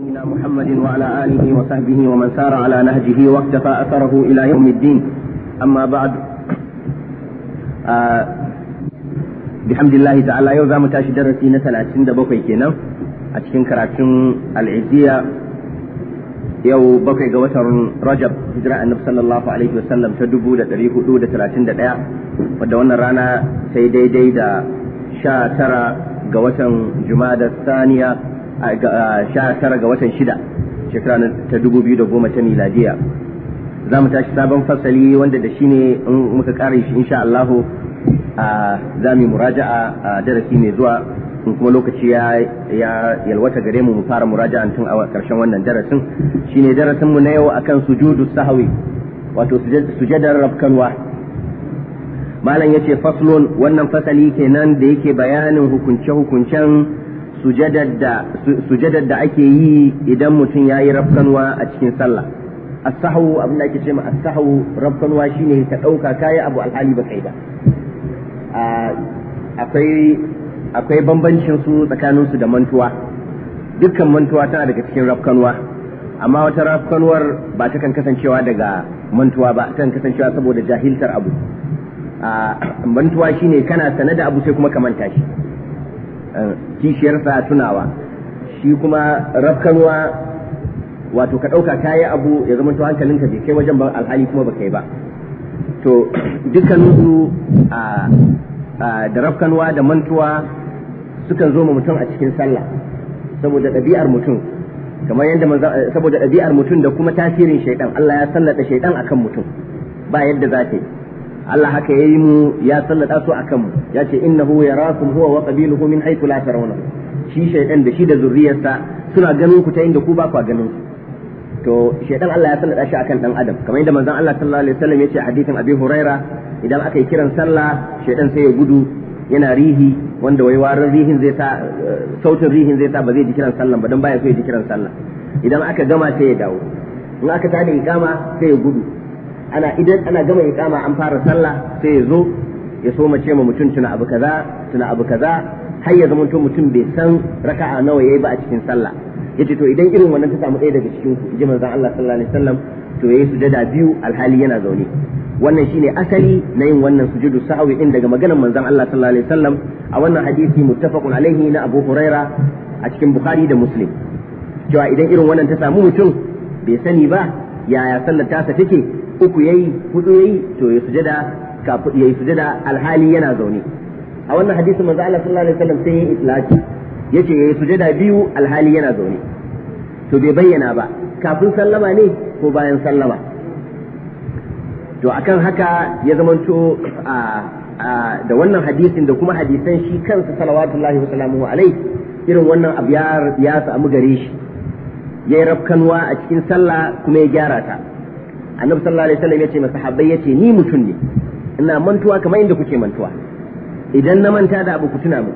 سيدنا محمد وعلى آله وصحبه ومن سار على نهجه واقتفى أثره إلى يوم الدين أما بعد آه بحمد الله تعالى يوزع متاشي درسي نسل عشرين دبوكي كينا عشرين كراتين العزية يو بوكي قوتر رجب هجراء النبي صلى الله عليه وسلم تدبو لتريه دودة ثلاثين دقيقة ودونا رانا سيدي ديدا شا ترى قوتر جمادة الثانية 19 ga watan 6 shekara ta 2010 ta miladiya za mu tashi sabon fasali wanda da shi ne in muka kare shi insha Allah za mu yi muraja'a a darasi mai zuwa in kuma lokaci ya yalwata gare mu mu fara muraja'an tun a karshen wannan darasin shine darasin mu na yau akan sujudu sahwi wato sujadar rafkanwa malam yace faslun wannan fasali kenan da yake bayanin hukunce hukuncen sujadar da ake yi idan mutum ya yi rafkanwa a cikin sallah as-sahu abin da ake ce ma as-sahu rafkanwa shine ka ɗauka kayi abu alhali ba kai ba akwai akwai bambancin su tsakanin su da mantuwa dukkan mantuwa tana daga cikin rafkanwa amma wata rafkanwar ba ta kan kasancewa daga mantuwa ba ta kan kasancewa saboda jahiltar abu mantuwa shine kana sane da abu sai kuma ka manta shi kishiyarsa tunawa shi kuma rafkanwa wato ka ɗauka kayi abu ya zama to hankalinka bai kai wajen ban alhali kuma ba kai ba to dukkaninsu da rafkanwa da mantuwa sukan zo ma mutum a cikin sallah saboda ɗabi'ar mutum kamar yadda saboda ɗabi'ar mutum da kuma tasirin shaidan Allah ya sallata shaidan akan mutum ba yadda za ta yi Allah haka ya yi mu ya sallata su a kanmu ya ce innahu yarakum huwa wa qabiluhu min haythu la tarawna shi shaydan da shi da zuriyarsa suna ganin ku ta inda ku ba ku ganin to shaydan Allah ya sallata shi akan dan adam kamar yadda manzon Allah sallallahu alaihi wasallam ya ce hadithin Abi Huraira idan aka yi kiran sallah shaydan sai ya gudu yana rihi wanda wai warin rihin zai sa sautin rihin zai sa ba zai ji kiran sallan ba dan baya so ya ji kiran sallah idan aka gama sai ya dawo in aka tada ikama sai ya gudu ana idan ana gama iqama an fara sallah sai ya zo ya so mace ma mutum tuna abu kaza tuna abu kaza har ya to mutum bai san raka'a nawa yayi ba a cikin sallah yace to idan irin wannan ta samu ɗaya daga cikin ku ji manzon Allah sallallahu alaihi wasallam to yayi sujada biyu alhali yana zaune wannan shine asali na yin wannan sujudu sa'awi din daga maganar manzon Allah sallallahu alaihi wasallam a wannan hadisi muttafaqun alaihi na Abu Huraira a cikin Bukhari da Muslim cewa idan irin wannan ta samu mutum bai sani ba yaya sallar ta take uku yayi hudu yayi to ya sujada kafin yayi sujada alhali yana zaune a wannan hadisi manzo Allah sallallahu alaihi wasallam sai yayi islaki yace yayi sujada biyu alhali yana zaune to bai bayyana ba kafin sallama ne ko bayan sallama to akan haka ya zamanto a da wannan hadisin da kuma hadisan shi kansa salawatullahi wa salamuhu alaihi irin wannan abu ya samu gare shi ya yi rafkanwa a cikin sallah kuma ya gyara ta annabi sallallahu alaihi wasallam yace masahabbai yace ni mutum ne ina mantuwa kamar inda kuke mantuwa idan na manta da abu ku tuna mu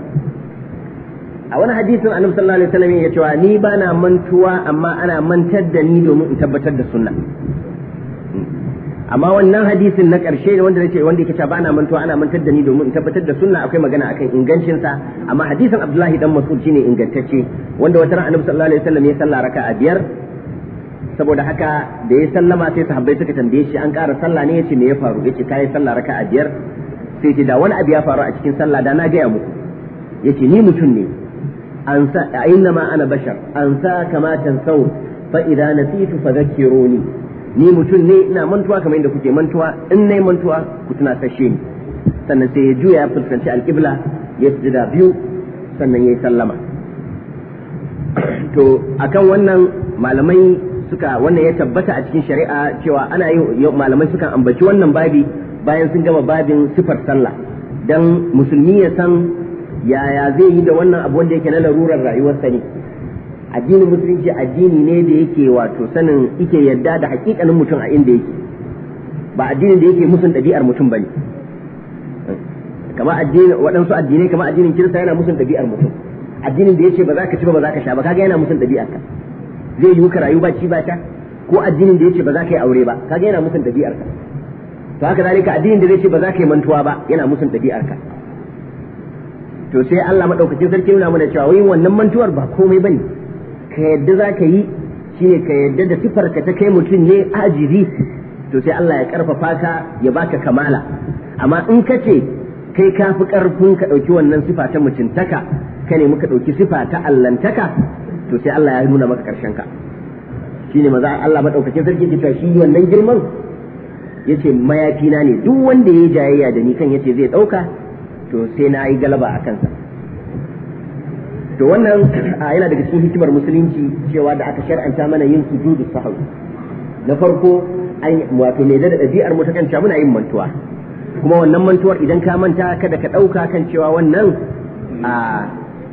a wani hadisin annabi sallallahu alaihi wasallam yace wa ni ba na mantuwa amma ana mantar da ni domin in tabbatar da sunna amma wannan hadisin na ƙarshe wanda nace wanda yake cewa ba na mantuwa ana mantar da ni domin in tabbatar da sunna akwai magana akan ingancin sa amma hadisin Abdullahi dan Mas'ud shine ingantacce wanda wata ran annabi sallallahu alaihi wasallam ya salla raka'a biyar saboda haka da ya sallama sai sahabbai suka tambaye shi an ƙara sallah ne yace me ya faru yace kai sallah a biyar sai ce da wani abu ya faru a cikin sallah da na gaya muku yace ni mutum ne an sa inna ma ana bashar an sa kama sau fa idza nasitu fadhakkiruni ni mutum ne ina mantuwa kamar yadda kuke mantuwa in nayi mantuwa ku tuna sashe ni sannan sai ya juya ya fuskanci alƙibla ya sujada biyu sannan ya yi sallama to akan wannan malamai suka wannan ya tabbata a cikin shari'a cewa ana yi malamai suka ambaci wannan babi bayan sun gama babin sifar sallah dan musulmi ya san yaya zai yi da wannan abu wanda yake na larurar rayuwar sani addinin musulunci addini ne da yake wato sanin yake yadda da hakikanin mutum a inda yake ba addinin da yake musun ɗabi'ar mutum bane kamar addini waɗansu addinai kamar addinin kirista yana musun ɗabi'ar mutum addinin da yace ba za ka ci ba ba za ka sha ba kaga yana musun ɗabi'ar ka zai yi ka rayu ba ci ba ta ko addinin da yace ba za ka yi aure ba kaga yana musun dabi'ar ka to haka zalika addinin da zai ce ba za ka yi mantuwa ba yana musun dabi'ar ka to sai Allah madaukakin sarki nuna mana cewa wai wannan mantuwar ba komai bane ka yadda za ka yi shine ka yadda da sifar ka ta kai mutum ne ajiri to sai Allah ya karfafa ka ya baka kamala amma in ka ce kai ka fi karfin ka ɗauki wannan sifa ta mutuntaka ka nemi ka ɗauki sifa ta allantaka to sai Allah ya nuna maka karshen ka shine maza Allah madaukakin sarkin ki tashi shi wannan girman yace mayafi na ne duk wanda yayi jayayya da ni kan yace zai dauka to sai na yi galaba a kansa to wannan yana daga cikin hikimar musulunci cewa da aka shar'anta mana yin sujudu sahwi na farko an wato me da dabi'ar mu ta muna yin mantuwa kuma wannan mantuwar idan ka manta kada ka dauka kan cewa wannan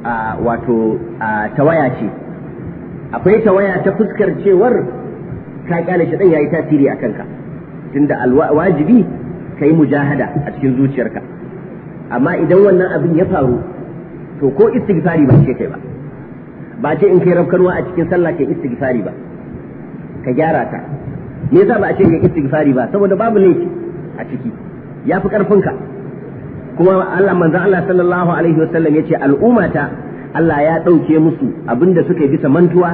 a wato tawaya ce akwai tawaya ta fuskar cewar ka kyale shi dan yayi tasiri a kanka tunda alwajibi kai mujahada a cikin zuciyarka amma idan wannan abin ya faru to ko istighfari ba ce kai ba ba ce in kai rafkarwa a cikin sallah kai istighfari ba ka gyara ta me yasa ba a ce kai istighfari ba saboda babu laifi a ciki yafi karfinka kuma Allah manzon Allah sallallahu alaihi wasallam yace al'ummata Allah ya ɗauke musu abin da suka yi bisa mantuwa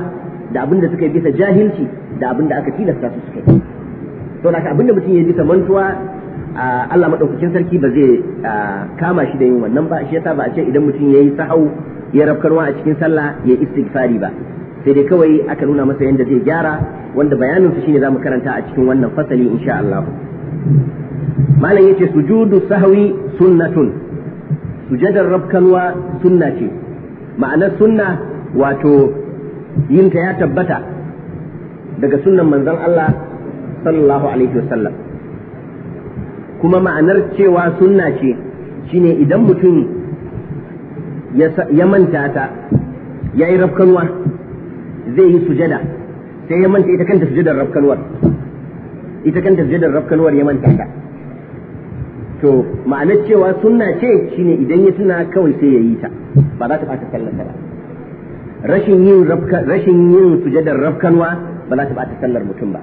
da abin da suka yi bisa jahilci da abin da aka tilasta su suka yi to da abin da mutum ya bisa mantuwa Allah madaukakin sarki ba zai kama shi da yin wannan ba shi yasa ba a ce idan mutum ya yi sahau ya rafkarwa a cikin sallah ya istighfari ba sai dai kawai aka nuna masa yadda zai gyara wanda bayanin su shine zamu karanta a cikin wannan fasali insha Allah malam yace sujudu sahwi sunnatun sujadar rafkarwa sunna ce ma'anar sunna wato yinta ya tabbata daga sunnan manzon Allah sallallahu alaihi wasallam kuma ma'anar cewa sunna ce shine idan mutum ya manta ta ya yi rafkanwa zai yi sujada sai ya manta ita kanta sujadar rafkanwar ita kanta sujadar rafkanwar ya manta ta to ma'anar cewa sunna ce shine idan ya tuna kawai sai yayi yi ta ba za ta bata sallar ba rashin yin rashin yin sujadar rafkanwa ba za ta bata sallar mutum ba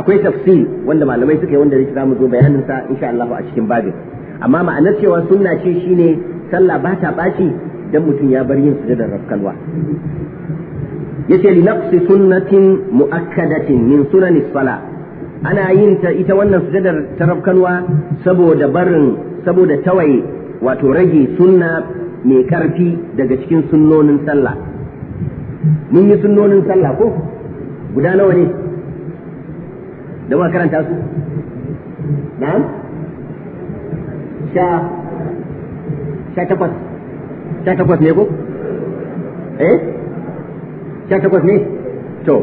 akwai tafsir wanda malamai suka yi wanda zai mu zo bayanin sa insha Allah a cikin babin amma ma'anar cewa sunna ce shine sallah ba ta baci dan mutum ya bar yin sujadar rafkanwa yace li naqsi sunnatin muakkadatin min sunanis salah ana yin ta ita wannan sujadar tarafkanwa saboda barin saboda tawaye wato rage sunna mai karfi daga cikin sunnonin sallah mun yi sunnonin sallah ko guda nawa ne da muka karanta su na'am sha sha takwas sha takwas ne ko eh sha takwas ne to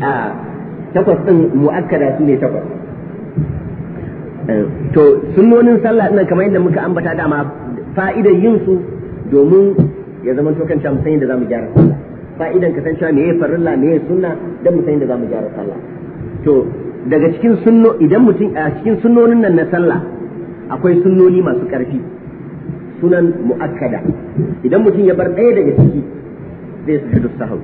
takwas din mu'akkada su ne takwas eh, to sunnonin sallah ɗin kamar yadda muka ambata dama fa'idar yin su domin ya zama to kanta musayin da zamu gyara sallah fa'idan ka san cewa meye farilla meye sunna dan musayin da zamu gyara sallah to daga cikin sunno idan mutum a cikin sunnonin nan na sallah akwai sunnoni masu ƙarfi sunan mu'akkada idan mutum ya bar ɗaya daga ciki zai su da sahu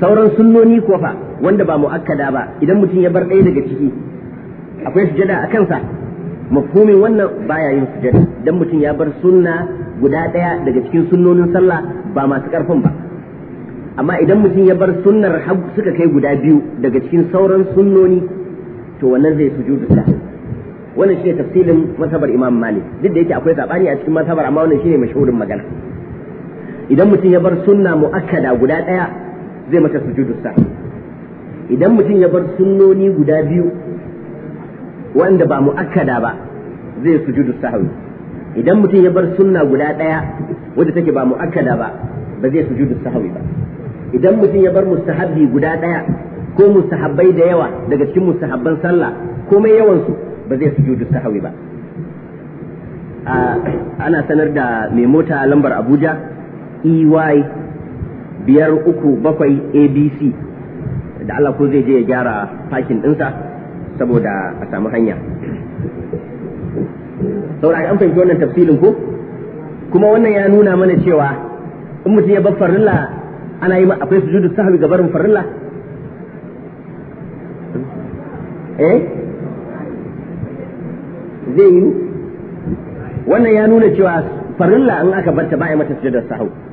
sauran sunnoni ko fa wanda ba mu'akkada ba idan mutum ya bar ɗaya daga ciki akwai sujada a kansa mafhumin wannan baya yin sujada idan mutum ya bar sunna guda ɗaya daga cikin sunnonin sallah ba masu ƙarfin ba amma idan mutum ya bar sunnar hagu suka kai guda biyu daga cikin sauran sunnoni to wannan zai su sahwi wannan shine tafsilin masabar Imam Malik duk da yake akwai sabani a cikin masabar amma wannan shine mashhurin magana idan mutum ya bar sunna muakkada guda ɗaya zai mata sujudu sahwi idan mutum ya bar sunnoni guda biyu wanda ba mu'akkada ba zai sujudu sahwi idan mutum ya bar sunna guda ɗaya wadda take ba mu'akkada ba ba zai sujudu sahwi ba idan mutum ya bar mustahabbi guda ɗaya ko mustahabbai da yawa daga cikin mustahabban sallah komai yawansu ba zai sujudu sahwi ba ana sanar da mai mota lambar abuja ey biyar uku bakwai abc da Allah ko zai je ya gyara fakin ɗinsa saboda a samu hanya saboda an fahimci wannan tafsirin ko kuma wannan ya nuna mana cewa in mutum ya bar farilla ana yi ma akwai sujudu sahwi ga barin farilla eh zai yi wannan ya nuna cewa farilla in aka barta ba a mata sujudu sahwi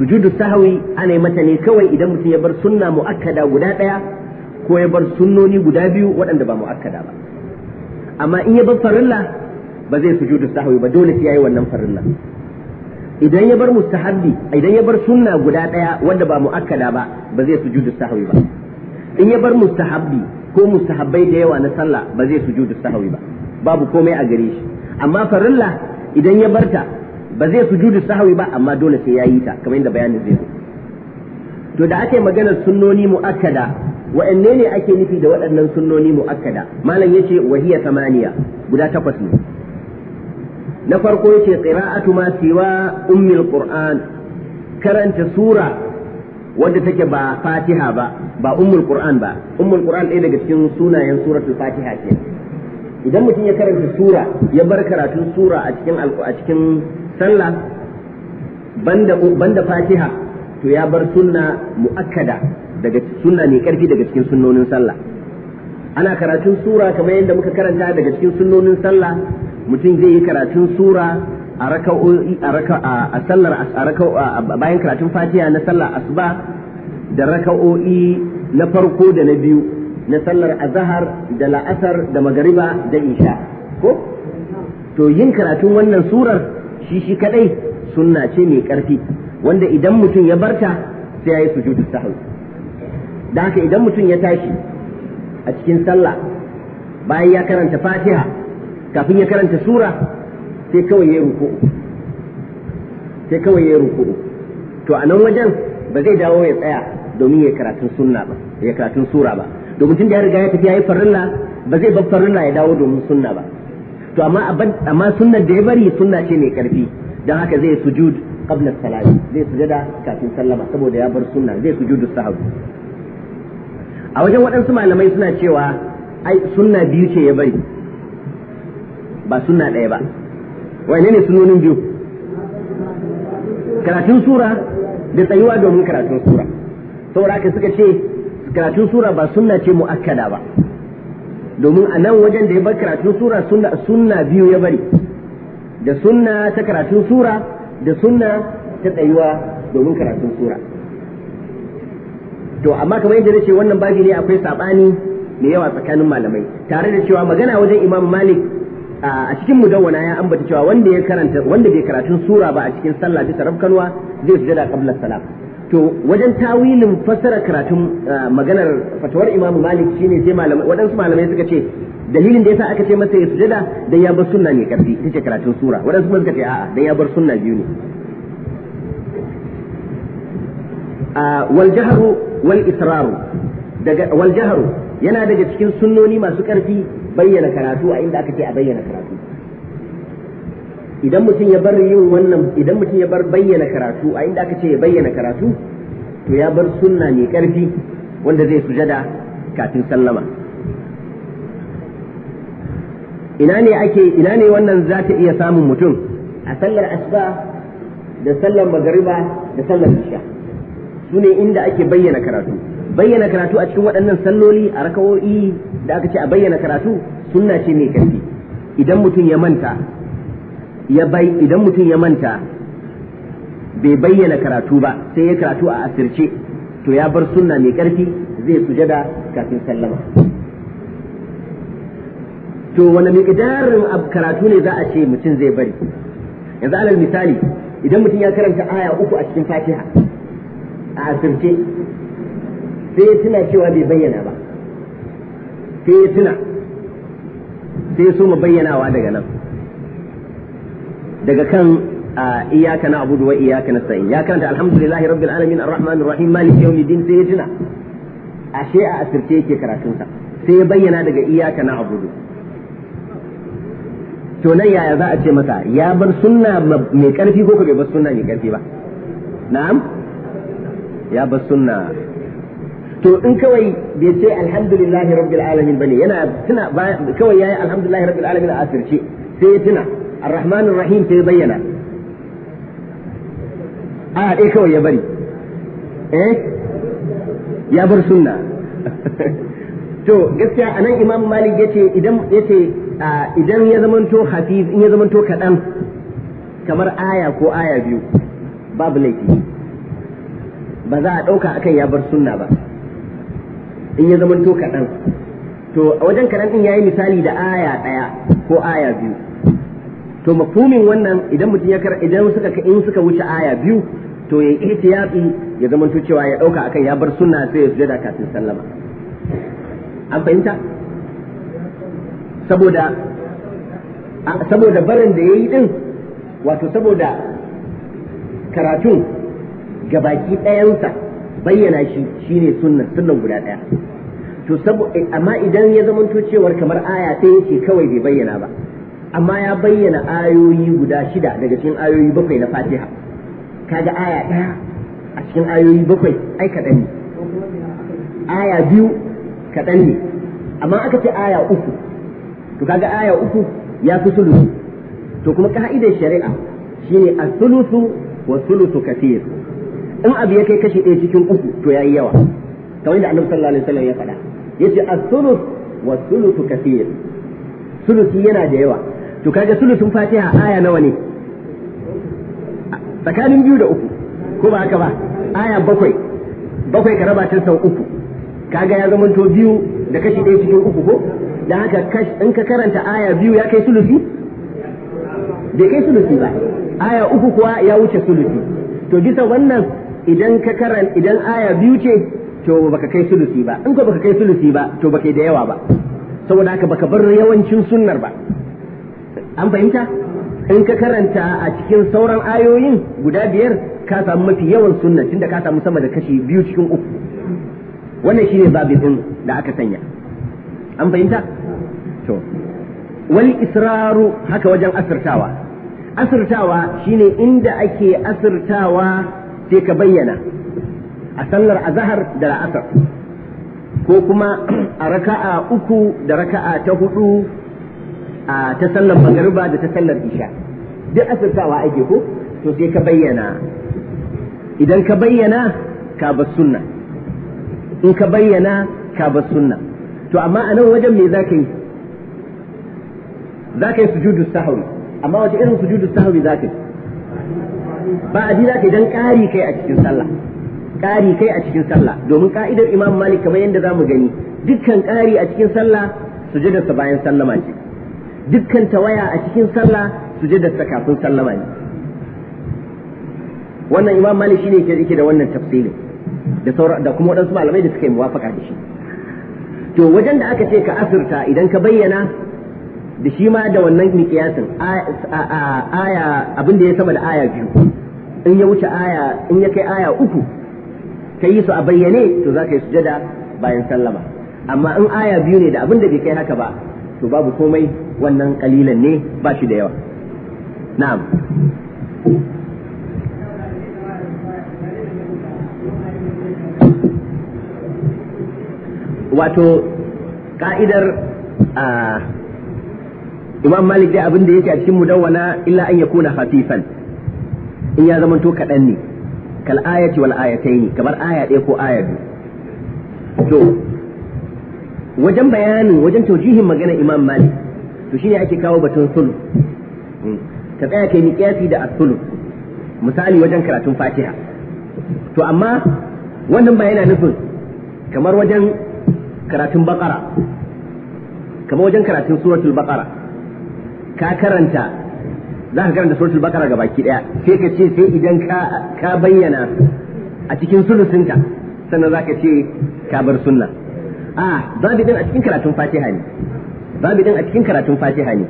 sujudu sahwi ana mata ne kawai idan mutum ya bar sunna muakkada guda daya ko ya bar sunnoni guda biyu waɗanda ba muakkada ba amma in ya bar farilla ba zai sujudu sahwi ba dole sai yayi wannan farilla idan ya bar mustahabbi idan ya bar sunna guda daya wanda ba muakkada ba ba zai sujudu sahwi ba in ya bar mustahabbi ko mustahabbai da yawa na sallah ba zai sujudu sahwi ba babu komai a gare shi amma farilla idan ya barta ba zai sujudu sahwi ba amma dole sai yayi ta kamar yadda bayanin zai zo to da ake magana sunnoni muakkada wa'anne ne ake nufi da waɗannan sunnoni muakkada malam yace wahiya samaniya guda takwas ne na farko yace qira'atu ma siwa ummil qur'an karanta sura wadda take ba fatiha ba ba ummul qur'an ba ummul qur'an ɗaya daga cikin sunayen suratul fatiha ce idan mutum ya karanta sura ya bar karatun sura a cikin a cikin sallah banda banda fatiha to ya bar sunna mu'akkada daga sunna mai karfi daga cikin sunnonin sallah ana karatun sura kamar yadda muka karanta daga cikin sunnonin sallah mutum zai yi karatun sura a raka a sallar a raka bayan karatun fatiha na sallar asuba da raka'o'i na farko da na biyu na sallar azhar da la'asar da magariba da isha ko to yin karatun wannan surar shi shi kadai sunna ce mai karfi wanda idan mutum ya barta sai yayi sujudu sahwi da haka idan mutum ya tashi a cikin sallah bayan ya karanta fatiha kafin ya karanta sura sai kawai ya ruku sai kawai ya ruku to a nan wajen ba zai dawo ya tsaya domin ya karatun sunna ba ya karatun sura ba domin tun da ya riga ya tafi ya yi farilla ba zai bar farilla ya dawo domin sunna ba to amma amma sunnar da ya bari sunna ce mai karfi dan haka zai sujud qabla salat zai sujada kafin sallama saboda ya bar sunna zai sujudu sahwi a wajen waɗansu malamai suna cewa ai sunna biyu ce ya bari ba sunna ɗaya ba wai ne sunonin biyu karatun sura da tsayuwa domin karatun sura saboda haka suka ce karatun sura ba sunna ce mu'akkada ba domin a nan wajen da ya bar karatun sura sunna biyu ya bari da suna ta karatun sura da sunna ta tsayuwa domin karatun sura to amma kamar yadda ce wannan babi ne akwai sabani mai yawa tsakanin malamai tare da cewa magana wajen imam malik a cikin mudawwana ya ambata cewa wanda ya karanta wanda bai karatun sura ba a cikin sallah ta rafkanwa zai sujada qabla salam to wajen tawilin fassara karatun ah, maganar fatawar imamu malik shine sai malamai waɗansu malamai suka ce dalilin da yasa aka ce masa ya sujada dan ya bar sunna ne karfi tace karatun sura waɗansu kuma suka ce a'a dan ya bar sunna biyu ne ah, wal jahru wal israru daga wal jahru yana daga cikin sunnoni masu karfi bayyana karatu a inda aka ce a bayyana karatu idan mutum ya bar yin wannan idan mutum ya bar bayyana karatu a inda aka ce ya bayyana karatu to ya bar sunna mai karfi wanda zai sujada kafin sallama ina ne ake ina ne wannan za ta iya samun mutum a sallar asuba da sallar magariba da sallar isha su ne inda ake bayyana karatu bayyana karatu a cikin waɗannan salloli a rakawo'i da aka ce a bayyana karatu sunna ce mai karfi idan mutum ya manta ya bai idan mutum ya manta bai bayyana karatu ba sai ya karatu a asirce to ya bar sunna mai karfi zai sujada kafin sallama to wani miqdarin karatu ne za a ce mutum zai bari yanzu alal misali idan mutum ya karanta aya uku a cikin fatiha a asirce sai ya tuna cewa bai bayyana ba sai ya tuna sai ya so bayyanawa daga nan daga kan iyaka na abudu wa na nasta'in ya karanta alhamdulillahi rabbil alamin arrahmanir rahim maliki din sai ya tuna ashe a asirce yake karatun sa sai ya bayyana daga iyaka na abudu to nan yaya za a ce masa ya bar sunna mai karfi ko bai bar sunna mai karfi ba na'am ya bar sunna to in kawai bai ce alhamdulillahi rabbil alamin bane yana tuna kawai yayi alhamdulillahi rabbil alamin a asirce sai ya tuna A arrahmanir rahim sai bayyana a dai kawai ya bari eh ya bar sunna to gaskiya anan imam malik yace idan yace idan ya zamanto hafiz in ya zamanto kadan kamar aya ko aya biyu babu laifi ba za a dauka akan ya bar sunna ba in ya zamanto kadan to a wajen kaɗan ɗin ya yi misali da aya ɗaya ko aya biyu to mafumin wannan idan mutum ya kar idan suka in suka wuce aya biyu to ya ihtiyabi ya to cewa ya dauka akan ya bar sunna sai ya sujada kafin sallama an fahimta saboda saboda barin da yayi din wato saboda karatun gabaki ɗayansa bayyana shi shine sunnan sunnan guda ɗaya to eh, amma idan ya to cewa kamar aya sai yake kawai bai bayyana ba amma ya bayyana ayoyi guda shida daga cikin ayoyi bakwai na fatiha kaga aya ɗaya a cikin ayoyi bakwai ai kaɗan ne aya biyu kaɗan ne amma aka ce aya uku to kaga aya uku ya fi sulusu to kuma ka'idar shari'a shine a sulusu wa sulusu kafir. in abu ya kai kashi ɗaya cikin uku to yayi yawa kamar yadda annabi sallallahu alaihi wasallam ya faɗa yace as-sulus wa sulusu kafir, sulusi yana da yawa to kaga sulusun fatiha aya nawa ne tsakanin biyu da uku ko ba haka ba aya bakwai bakwai ka raba ta sau uku kaga ya zama to biyu da kashi ɗaya cikin uku ko da haka in ka karanta aya biyu ya kai sulusi bai kai sulusi ba aya uku kuwa ya wuce sulusi to bisa wannan idan ka karan idan aya biyu ce to baka kai sulusi ba in ko baka kai sulusi ba to baka da yawa ba saboda haka baka bar yawancin sunnar ba an fahimta in ka karanta a cikin sauran ayoyin guda biyar ka samu mafi yawan sunna tunda ka samu sama da kashi biyu cikin uku wannan shine babin din da aka sanya an fahimta to wal israru haka wajen asirtawa asirtawa shine inda ake asirtawa sai ka bayyana a sallar azhar da la'asar ko kuma a raka'a uku da raka'a ta hudu a ta sallar magariba da ta sallar isha duk asirtawa ake ko to sai ka bayyana idan ka bayyana ka ba sunna in ka bayyana ka ba sunna to amma a nan wajen me za ka yi za ka yi sujudu sahwi amma wace irin sujudu sahwi za ka yi ba a za ka yi ƙari kai a cikin sallah ƙari kai a cikin sallah domin ka'idar imam malik kamar yadda za mu gani dukkan ƙari a cikin sallah sujudarsa bayan sallama ce dukkan waya a cikin sallah sujudarsa kafin sallama ne wannan imam malik shine ke yake da wannan tafsilin da saura da kuma wadansu malamai da suka yi muwafaka da shi to wajen da aka ce ka asirta idan ka bayyana da shi ma da wannan miqyasin aya abin da ya sama da aya biyu in ya wuce aya in ya kai aya uku ka yi su a bayyane to za ka yi sujada bayan sallama amma in aya biyu ne da abin da bai kai haka ba to babu komai wannan kalilan ne ba shi da yawa na'am wato ka'idar imam malik dai abin da yake a cikin mudawwana illa an ya yakuna hafifan in ya zama to kaɗan ne kal ayati wal ayataini kamar aya ɗaya ko aya biyu to wajen bayanin wajen taujihin magana imam malik to shine ake kawo batun sulu hmm. ka tsaya kai miƙiyasi da asulu misali wajen karatun fatiha to amma wannan ba yana nufin kamar wajen karatun bakara kamar wajen karatun suratul bakara ka karanta za ka karanta suratul bakara ga baki daya sai ka ce sai idan ka bayyana a cikin sulusinka sannan za ka ce ka bar sunna a ah, babu din a cikin karatun fatiha ne babu din a cikin karatun fatiha ne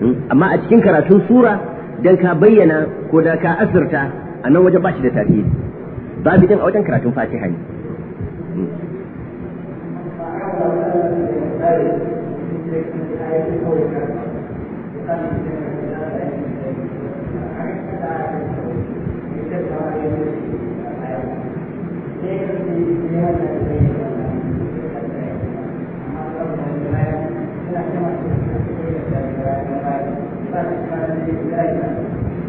hmm, amma a cikin karatun sura dan ka bayyana ko da ka asirta a nan waje ba shi da tafiye babu din a wajen karatun fatiha ne Thank hmm. you.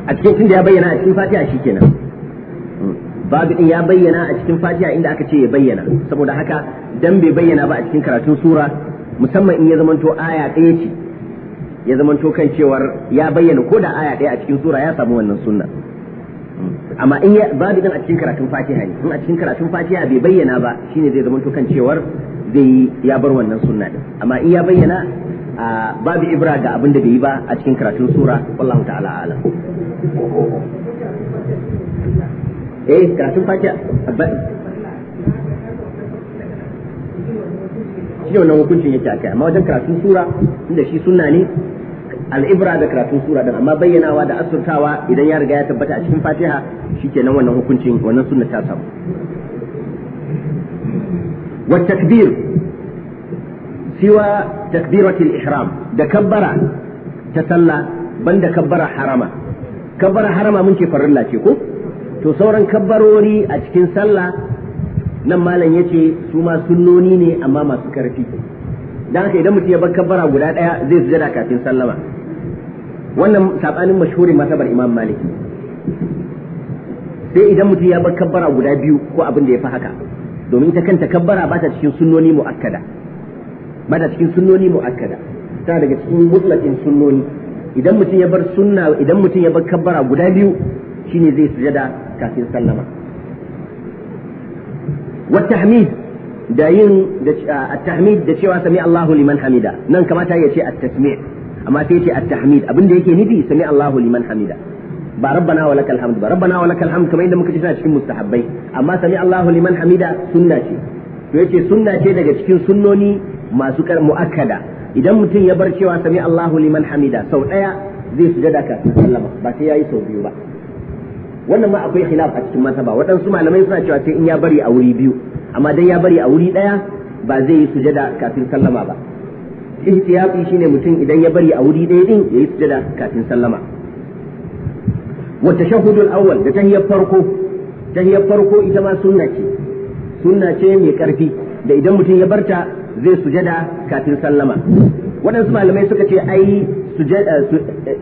a cikin tunda ya bayyana a cikin fatiha shikenan hmm. babu din ya bayyana a cikin fatiha inda aka ce ya bayyana saboda haka dan bai bayyana ba a cikin karatun sura musamman in ya zamanto aya ɗaya ce ya zamanto kan cewar ya bayyana ko da aya ɗaya a cikin sura ya samu wannan sunna hmm. amma in ya babu din a cikin karatun fatiha ne in a cikin karatun fatiha bai bayyana ba shine zai zamanto kan cewar zai ya bar wannan sunna din amma in ya bayyana babu ibra ga abin da bai yi ba a cikin karatun sura wallahu ta'ala ala eh karatun fatiha abban shi wannan hukuncin yake akai amma wajen karatun sura inda shi sunna ne al'ibra da karatun sura din amma bayyanawa da asurtawa idan ya riga ya tabbata a cikin fatiha shikenan wannan hukuncin wannan sunna ta samu wa takbir سوى تكبيرة الإحرام ده كبر تسلى بند كبر حرما كبر حرما من كفر الله تيكو to sauran kabbarori a cikin sallah nan malam ya ce su ma sunnoni ne amma masu karfi don haka idan mutum ya bar kabbara guda ɗaya zai sujada kafin sallama wannan sabanin mashhurin matabar imam maliki sai idan mutum ya bar kabbara guda biyu ko abin da ya fi haka domin ita kanta kabbara ba ta cikin sunnoni mu'akkada ba cikin sunnoni mu'akkada ta daga cikin mutlaqin sunnoni idan mutum ya bar sunna idan mutum ya bar kabbara guda biyu shine zai sujada kafin sallama wa tahmid da yin da tahmid da cewa sami Allahu liman hamida nan kamata ya ce at-tasmi' amma sai ya ce at-tahmid abinda yake nufi sami Allahu liman hamida ba rabbana wa lakal hamd ba rabbana wa lakal hamd kamar yadda muka ce cikin mustahabbai amma sami Allahu liman hamida sunna ce to yace sunna ce daga cikin sunnoni masu kar muakkada idan mutum ya bar cewa sami Allahu liman hamida sau daya zai sujada kafin sallama ba sai yayi sau biyu ba wannan ma akwai khilaf a cikin ba waɗansu malamai suna cewa sai in ya bari a wuri biyu amma dan ya bari a wuri daya ba zai yi sujada kafin sallama ba ihtiyafi shine mutum idan ya bari a wuri daya din yayi sujada kafin sallama wa tashahhudul awwal da tahiyyar farko tahiyyar farko ita ma sunna ce sunna ce mai ƙarfi da idan mutum ya barta zai sujada kafin sallama waɗansu malamai suka ce ai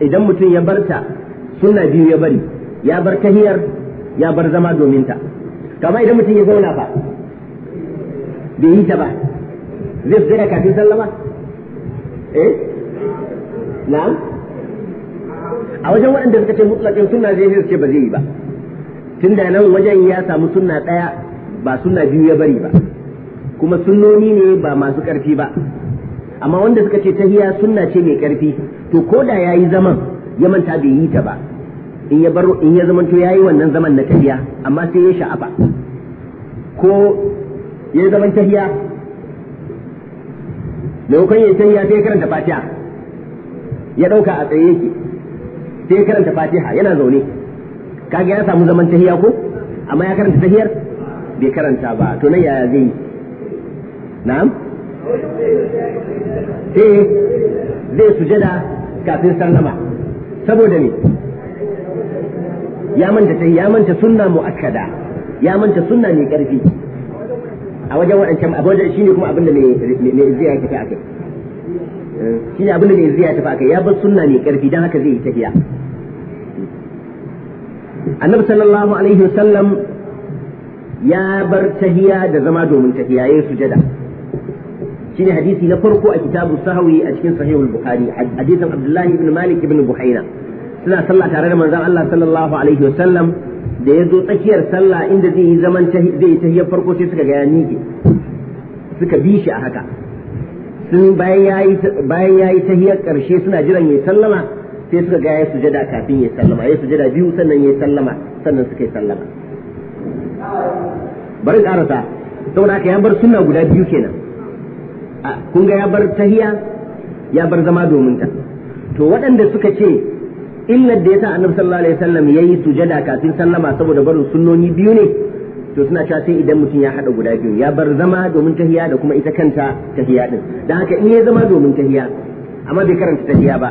idan mutum ya barta sunna biyu ya bari ya bar tahiyar ya bar zama domin ta kama idan mutum ya zauna ba bai yi ta ba zai sujada kafin sallama eh na'am a wajen waɗanda suka ce mutlaƙin sunna zai ce ba zai yi ba tun da nan wajen ya samu sunna ɗaya ba suna biyu ya bari ba kuma sunnoni ne ba masu ƙarfi ba amma wanda suka ce tahiya sunna ce mai ƙarfi to ko da yayi zaman ya manta bai yi ta ba in ya baro in ya zamanto yayi wannan zaman na tahiya amma sai ya sha'afa ko ya yi zaman tahiya lokacin ya yi tahiya sai ya karanta fatiha ya ɗauka a tsaye yake sai ya karanta fatiha yana zaune kaga ya samu zaman tahiya ko amma ya karanta tahiyar bai karanta ba to nan yaya zai na'am sai zai sujada kafin sallama saboda me ya manta sai ya manta sunna muakkada ya manta sunna mai karfi a wajen waɗancan a wajen shine kuma abin da mai zai yake kai akai eh, shine abin da mai zai tafi akai ya bar sunna mai karfi don haka zai yi tafiya annabi sallallahu alaihi wasallam ya bar tahiya da zama domin tahiya yayin sujada shine hadisi na farko a kitabu sahawi a cikin sahihul bukhari hadisin abdullahi ibn malik ibn buhaina suna sallah tare da manzon Allah sallallahu alaihi wa sallam da ya zo tsakiyar sallah inda zai yi zaman zai yi tahiyar farko sai suka ga ya miƙe suka bi shi a haka sun bayan yayi bayan yayi tahiyar karshe suna jiran yayi sallama sai suka ga ya sujada kafin ya sallama yayi sujada biyu sannan ya sallama sannan suka yi sallama bari karasa saboda haka ya bar sunna guda biyu kenan kun ga ya bar tahiya ya bar zama domin ta to waɗanda suka ce illar da yasa annabi sallallahu alaihi wasallam yayi sujada kafin sallama saboda barin sunnoni biyu ne to suna cewa sai idan mutum ya hada guda biyu ya bar zama domin tahiya da kuma ita kanta tahiya din dan haka in ya zama domin tahiya amma bai karanta tahiya ba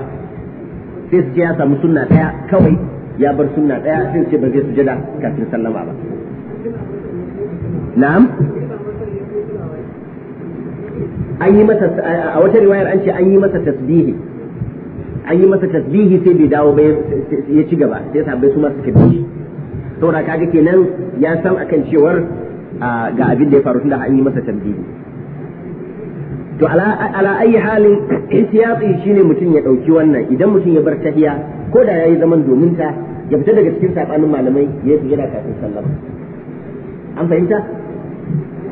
sai su ya samu sunna daya kawai ya bar sunna daya sai su ce ba zai sujada kafin sallama ba na'am an yi masa a wata riwayar an ce an yi masa tasbihi an yi masa tasbihi sai bai dawo ba ya ci gaba sai sahabbai su masu kabi saboda kaga kenan ya san akan cewar ga abin da ya faru tunda an yi masa tasbihi to ala ayi halin ihtiyati shine mutum ya dauki wannan idan mutum ya bar tahiya ko da yayi zaman domin ta ya fita daga cikin sabanin malamai ya yi sujada kafin sallama an fahimta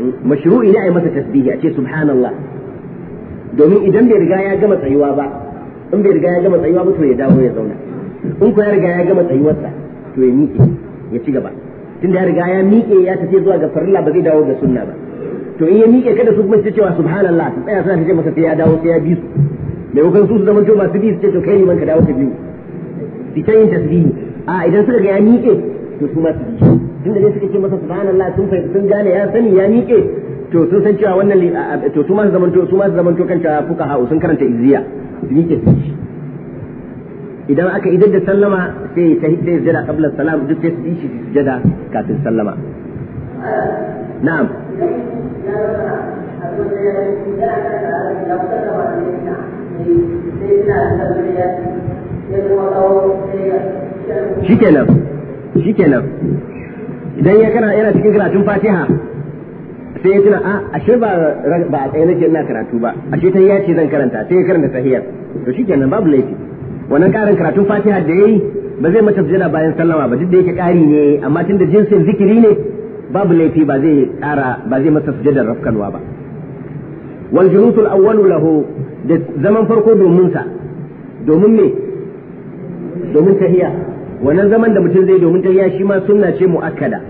mashru'i ne a yi masa tasbihi a ce subhanallah domin idan bai riga ya gama tsayuwa ba in bai riga ya gama tsayuwa ba to ya dawo ya zauna in ko ya riga ya gama tsayuwarsa to ya miƙe ya ci gaba tunda ya riga ya miƙe ya tafi zuwa ga farilla ba zai dawo ga sunna ba to in ya miƙe kada su kuma su cewa subhanallah su tsaya suna ta ce masa sai ya dawo sai ya bi su maimakon su su zama to masu bi su ce to kai man ka dawo ka biyu su ta yin tasbihi a idan suka ga ya miƙe to su ma su bi tunda ne suka ce masa subhanallah sun fahimta sun gane ya sani ya miƙe to sun san cewa wannan to su ma su zamanto su ma su zamanto kanta fuka ha'u sun karanta izziya su miƙe su idan aka idar da sallama sai ta hidda sujada qabla salam duk sai su yi shi sujada kafin sallama na'am shikenan shikenan idan ya kana yana cikin karatun fatiha sai ya tuna a ah, ashe ba ba a tsaye nake ina karatu ba ashe ta ya ce zan karanta sai ya karanta sahiyar to kenan babu laifi wannan karin karatun fatiha da yayi ba zai mata da bayan sallama ba duk da yake kari ne amma tunda jinsin zikiri ne babu laifi ba zai kara ba zai mata rafkanwa ba wal junutul awwalu lahu da zaman farko domin sa domin me domin sahiya. wannan zaman da mutum zai domin tahiya shi ma sunna ce muakkada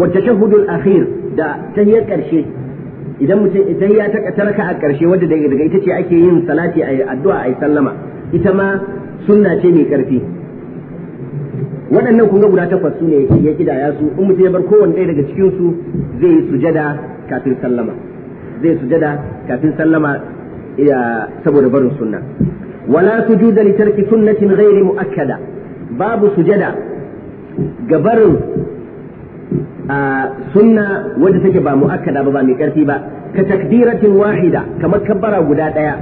wa tashahhudul akhir da tahiyar karshe idan mutum tahiya ta karka a karshe wadda daga ita ce ake yin salati a addu'a ayi sallama ita ma sunna ce mai karfi waɗannan kun guda takwas su ne ya kidaya su in mutum ya bar kowanne ɗaya daga cikin su zai sujada kafin sallama zai sujada kafin sallama saboda barin sunna wala sujuda li tarki sunnatin ghairi muakkada babu sujada gabarin a sunna wadda take ba mu'akkada ba ba mai karfi ba ka takbiratin wahida kamar kabbara guda ɗaya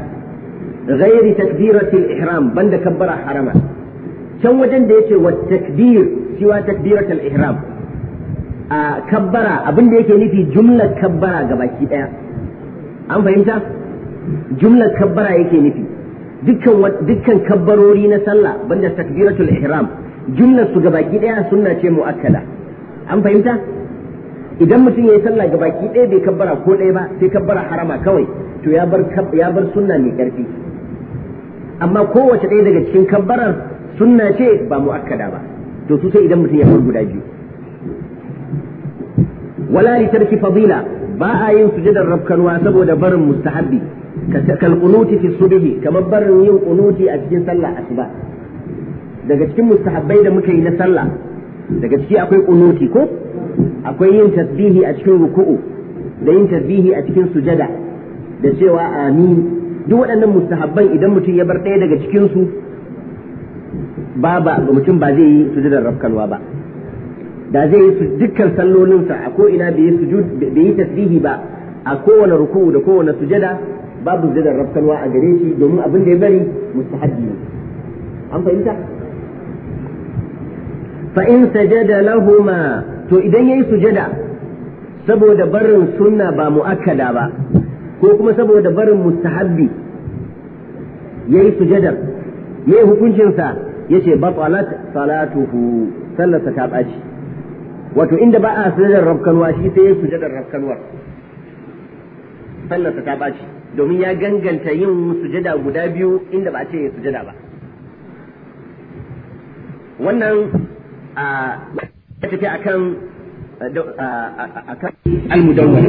ghairi takbiratil ihram banda kabbara harama can wajen da yake wa takbir siwa takbiratul ihram a kabbara abin da yake nufi jumlar kabbara gabaki ɗaya, an fahimta jumlar kabbara yake nufi dukkan dukkan kabbarori na sallah banda takbiratul ihram jumlar su gabaki daya sunna ce muakkada an fahimta idan mutum yayi sallah gabaki daya bai kabbara ko daya ba sai kabbara harama kawai to ya bar ya bar sunna mai karfi amma kowace daya daga cikin kabbarar sunna ce ba muakkada ba to su sai idan mutum ya bar guda biyu wala li tarki fadila ba a yin sujudar rabkanwa saboda barin mustahabbi kal qunuti fi subhi kamar barin yin qunuti a cikin sallah asuba daga cikin mustahabbai da muka yi na sallah daga ciki akwai qunuti ko akwai yin tasbihi a cikin ruku'u da yin tasbihi a cikin sujada da cewa amin duk waɗannan mustahabban idan mutum ya bar ɗaya daga cikin su ba ba mutum ba zai yi sujudar rafkalwa ba da zai yi dukkan sallolinsa a ko ina bai yi tasbihi ba a kowane ruku'u da kowane sujada babu zidar rafkanwa a gare shi domin abin da ya bari mustahabbi ne an fahimta fa in sajada lahuma to idan yayi sujada saboda barin sunna ba muakkada ba ko kuma saboda barin mustahabbi yayi sujadar yayi hukuncin sa yace batalat salatuhu sallarsa ta baci wato inda ba a sujadar rafkanwa shi sai yayi sujada rafkanwa sallarsa ta baci domin ya ganganta yin sujada guda biyu inda ba a ce sujada ba wannan a tafi akan akan almudawwar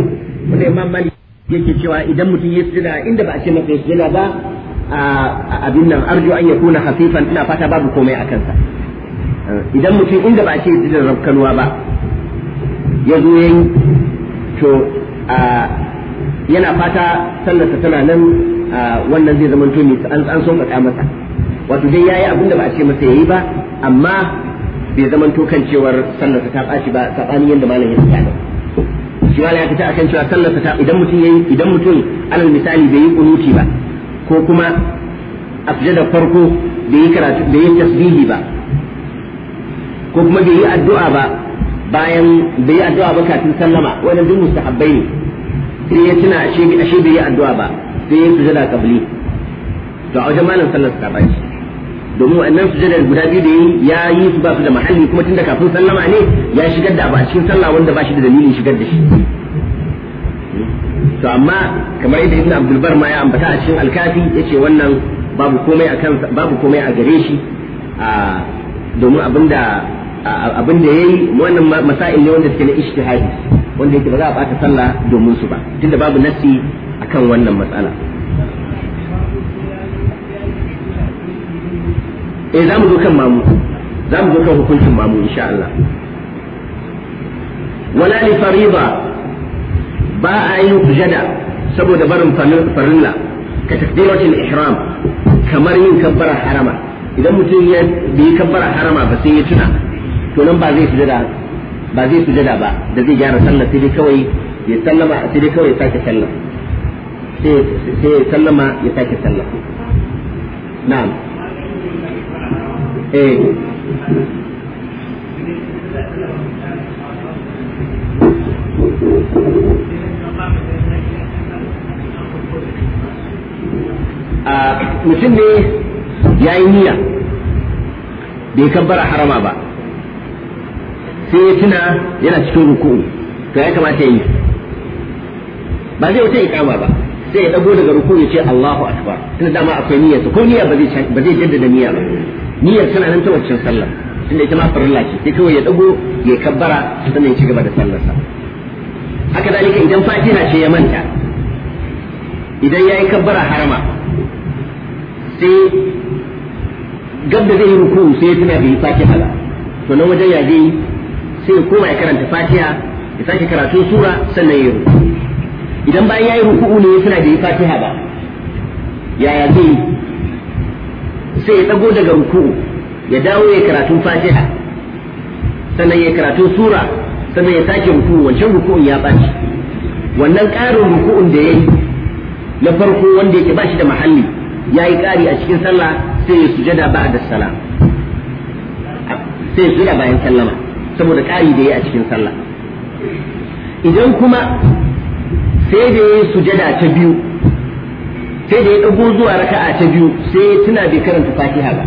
wanda imam mali yake cewa idan mutum ya sujada inda ba a ce masa sujada ba abin nan arju an ya kuna hasifan ina fata babu komai a kansa idan mutum inda ba a ce ya sujada rafkanuwa ba ya zo yayi to yana fata sallarsa tana nan wannan zai zama tuni an an son ka masa wato dai yayi abin da ba a ce masa yayi ba amma bai zama to kan cewar sallarsa ta ɓaci ba sabanin yadda malam ya tsaya shi malam ya fita kan cewa sallarsa ta idan mutum yayi idan mutum alal misali bai yi kunuti ba ko kuma afjada farko bai yi karatu bai yi tasbihi ba ko kuma bai yi addu'a ba bayan bai yi addu'a ba kafin sallama wannan duk mustahabbai ne sai ya tuna ashe bai yi addu'a ba sai ya sujada kabli to a wajen malam sallar ta baci domin wannan sujada guda biyu da yi ya yi su ba su da mahalli kuma tunda kafin sallama ne ya shigar da abu a cikin sallah wanda ba shi da dalilin shigar da shi to amma kamar yadda ibn abdul bar ma ya ambata a cikin alkafi yace wannan babu komai a babu komai a gare shi a domin abinda abinda yayi wannan masail ne wanda suke na ishtihadi wanda yake ba za a bata sallah domin su ba tunda babu nassi akan wannan matsala eh za mu zo kan mamu za mu zo kan hukuncin mamu insha Allah wala li fariba ba a yi jada saboda barin farilla ka takdiratul ihram kamar yin kabbara harama idan mutum ya bi kabbara harama ba sai ya tuna to nan ba zai sujada ba zai jada ba da zai gyara sallah sai dai kawai ya sallama sai dai kawai ya sake sallah sai sai ya sallama ya sake sallah na'am eh ah, mutum ne ya yi niyya bai kabbara harama ba sai ya tuna yana cikin ruku'u to ya kamata yi ba zai wuce ikama ba sai ya dago daga ruku'u ya ce Allahu akbar tun dama akwai niyyar ko niyya ba zai ba zai jaddada niyya ba niyyar tana nan ta waccan sallah tunda ita ma farilla ce sai kawai ya dago ya kabbara sannan ya ci gaba da sallarsa haka dalika idan fatiha ce ya manta idan ya yi kabbara harama sai gab da zai yi ruku sai ya tuna bai fatiha ba to nan wajen ya je sai ya koma ya karanta fatiha ya sake karatu sura sannan ya ruku idan bayan ya yi ruku'u ne suna da yi fatiha ba yaya zai yi sai ya dago daga ruku'u ya dawo ya karatu fatiha sannan ya karatu sura sannan ya sake ruku'u wancan ruku'un ya ɓaci wannan ƙarin ruku'un da ya yi na farko wanda yake bashi da mahalli ya yi ƙari a cikin sallah sai ya sujada ba'da sallah sai ya sujada bayan sallama saboda ƙari da ya a cikin sallah idan kuma sai da ya sujada ta biyu sai da ya ɗago zuwa raka'a ta biyu sai ya tuna bai karanta fatiha ba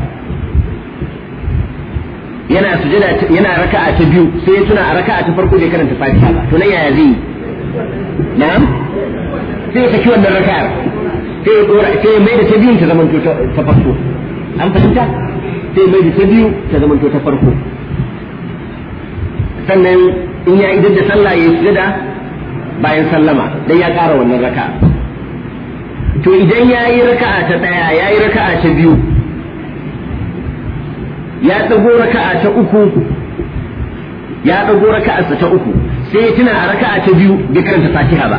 yana sujada yana raka'a ta biyu sai ya tuna a raka'a ta farko bai karanta fatiha ba to nan yaya zai yi na'am sai ya saki wannan raka'ar sai ya dora sai ya maida ta biyun ta zamanto ta farko an fahimta sai ya maida ta biyu ta zamanto ta farko sannan in ya idar da sallah ya da bayan sallama dan ya ƙara wannan raka. to idan ya yi raka'a ta ɗaya ya yi raka'a ta biyu ya ɗago raka ta uku ya ɗago raka ta uku sai ya tuna a raka'a ta biyu bai karanta fatiha ba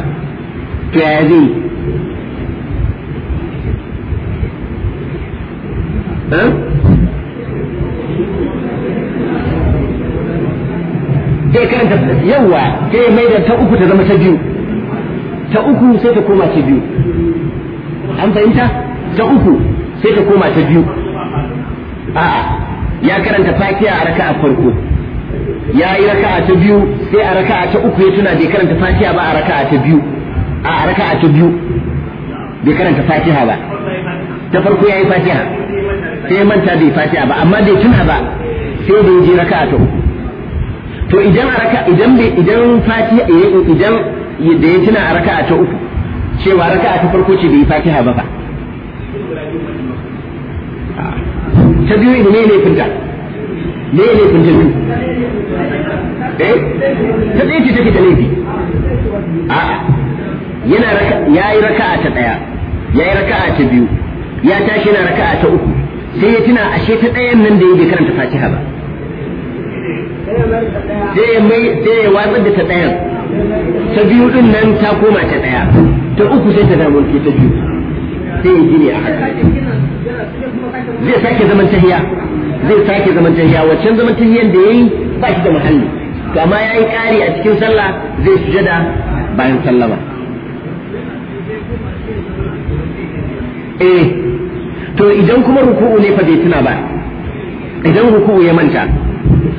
to yaya zai yi sai karanta yawa sai ya maida ta uku ta zama ta biyu ta uku sai ta koma ta biyu an fahimta ta uku sai ta koma ta biyu a'a ya karanta fatiha a raka'a farko ya yi raka'a ta biyu sai a raka'a ta uku ya tuna bai karanta fatiha ba a raka'a ta biyu a raka'a ta biyu bai karanta fatiha ba ta farko ya yi fatiha sai manta bai fatiha ba amma bai tuna ba sai bai ya je raka'a ta uku to idan araka idan bai idan fatiha eh, idan da ya tuna a ta uku cewa raka'a ta farko ce bai fatiha ba ba ta biyu ne ne laifin ta ne ne ta biyu eh ta ɗaya ce take da laifi a yana raka yayi raka'a ta ɗaya yayi raka'a ta biyu ya tashi yana raka'a ta uku sai ya tuna ashe ta ɗayan nan da yake karanta fatiha ba sai ya mai sai ya watsar da ta ɗayan ta biyu din nan ta koma ta ɗaya ta uku sai ta damu ke ta biyu sai ya gini a haka zai sake zaman tahiya zai sake zaman tahiya waccan zaman tahiyan da yayi ba shi da muhalli to amma ya yi ƙari a cikin sallah zai sujada bayan sallama eh to idan kuma ruku'u ne fa bai tuna ba idan ruku'u ya manta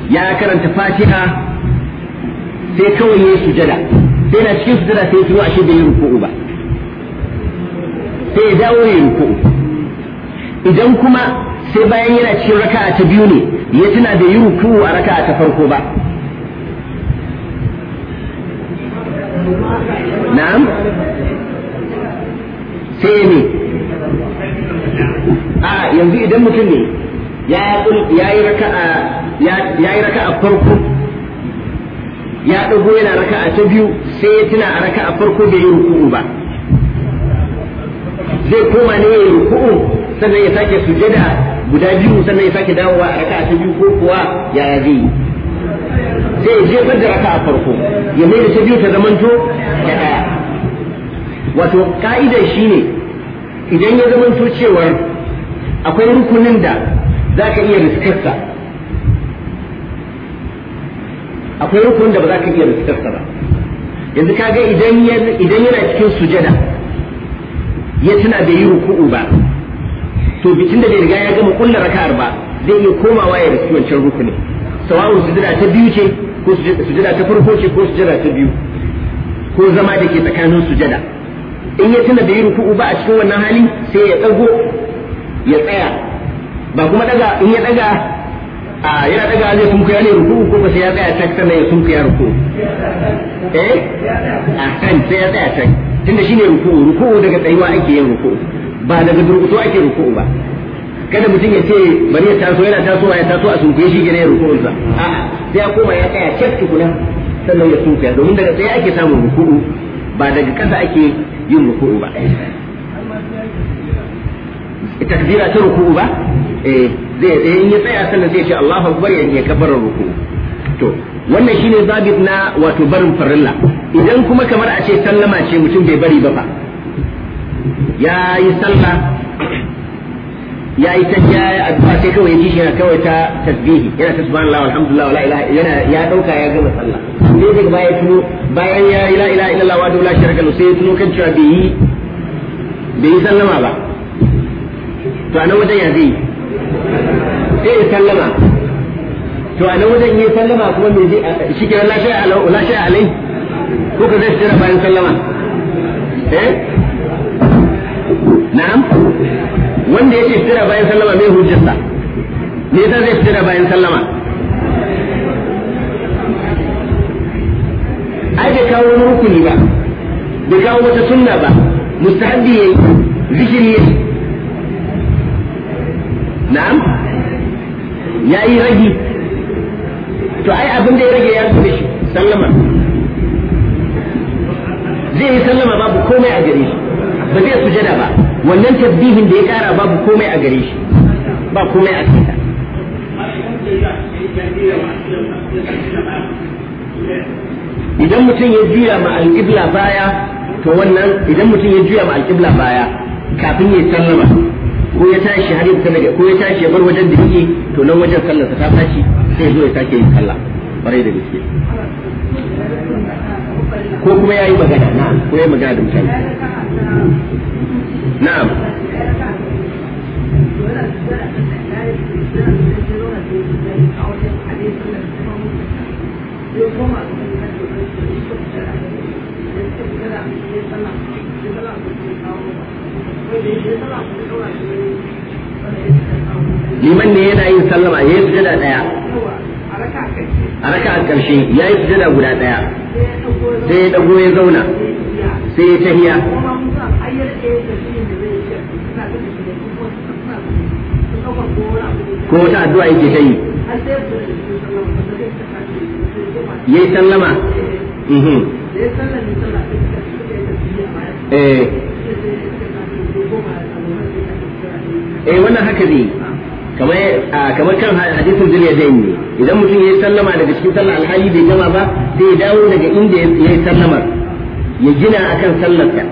ya karanta fatiha sai kawai ya sujada sai na cikin sujada sai tuno ashe bai yi ruku'u ba sai ya dawo ya ruku'u idan kuma sai bayan yana cikin raka'a ta biyu ne ya tuna da yi ruku'u a raka'a ta farko ba na'am sai ne a yanzu idan mutum ne ya yi raka'a farko ya ɗago yana raka'a ta biyu sai ya tuna a raka'a farko bai yi ruku'u ba zai koma ne ya yi ruku'u sannan ya sake sujada guda biyu sannan ya sake dawowa a raka'a ta biyu ko kuwa ya zai yi sai ya jefar da raka'a farko ya mai da ta biyu ta zamanto ya ɗaya wato ka'idar shine idan ya zamanto cewar akwai rukunin da za ka iya riskarsa akwai rukunin da ba za ka iya riskarsa ba yanzu ka ga idan yana cikin sujada ya tuna bai yi ruku'u ba to bikin da bai riga ya gama kullum raka'ar ba zai iya komawa ya riski wancan rukunin sawa'un sujada ta biyu ce ko sujada ta farko ce ko sujada ta biyu ko zama da ke tsakanin sujada in ya tuna da yi ruku'u ba a cikin wannan hali sai ya tsago ya tsaya ba kuma daga in ya daga a yana daga zai sunkuya ne ruku ko ba sai ya tsaya cak sannan ya sunkuya ruku eh a kan sai ya tsaya cak tunda shine ruku ruku daga tsayuwa ake yin ruku ba daga durkutu ake ruku ba kada mutum ya ce bari ya taso yana tasowa ya taso a sunkuye shi gane rukunsa a'a sai ya koma ya tsaya cak tukuna sannan ya sunkuya domin daga tsaye ake samun ruku'u ba daga kasa ake yin ruku'u ba takbira ta ruku'u ba eh zai tsaye in ya tsaya sannan zai ce Allahu akbar ya kabbara ruku to wannan shine zabit na wato barin farilla idan kuma kamar a ce sallama ce mutum bai bari ba fa ya yi sallah ya yi tajja ya addu'a sai kawai ji shi yana kawai ta tasbihi yana ta subhanallah walhamdulillah wala ilaha yana ya dauka ya gama sallah sai daga baya tuno bayan ya ila ila illallah wa la sharika lahu sai tuno kan cewa bai yi bai yi sallama ba to a nan wajen ya zai yi sai ya sallama to a nan wajen yi sallama kuma me zai shi ke lashe alai ko ka zai tsira bayan sallama eh na'am wanda yake tsira bayan sallama me hujjarsa me yasa zai tsira bayan sallama ai bai kawo wani rukuni ba bai kawo wata sunna ba mustahabbi yayi zikiri yayi na'am ya yi ragi to ai abin da ya rage ya rufe shi sallama zai yi sallama babu komai a gare shi ba zai sujada ba wannan tabbihin da ya kara babu komai a gare shi ba komai a kanta idan mutum ya juya ma alƙibla baya to wannan idan mutum ya juya ma alƙibla baya kafin ya sallama ko ya tashi har yau kamar ko ya tashi ya bar wajen da yake to nan wajen sallarsa ta tashi sai zo ya sake yin kalla bare da gaske ko kuma yayi magana na'am ko yayi magana da mutane na'am Thank you. liman ne yana yin sallama ya yi sujada daya a raka a ƙarshe ya yi sujada guda daya sai ya dago ya zauna sai ya tahiya ko wata addu'a yake ta yi yayi sallama mhm eh, eh wannan haka ne kamar kan hadisin zuliya da ne idan mutum ya yi sallama daga cikin sallar alhali bai gama ba sai ya dawo daga inda ya yi sallamar ya gina kan sallarsa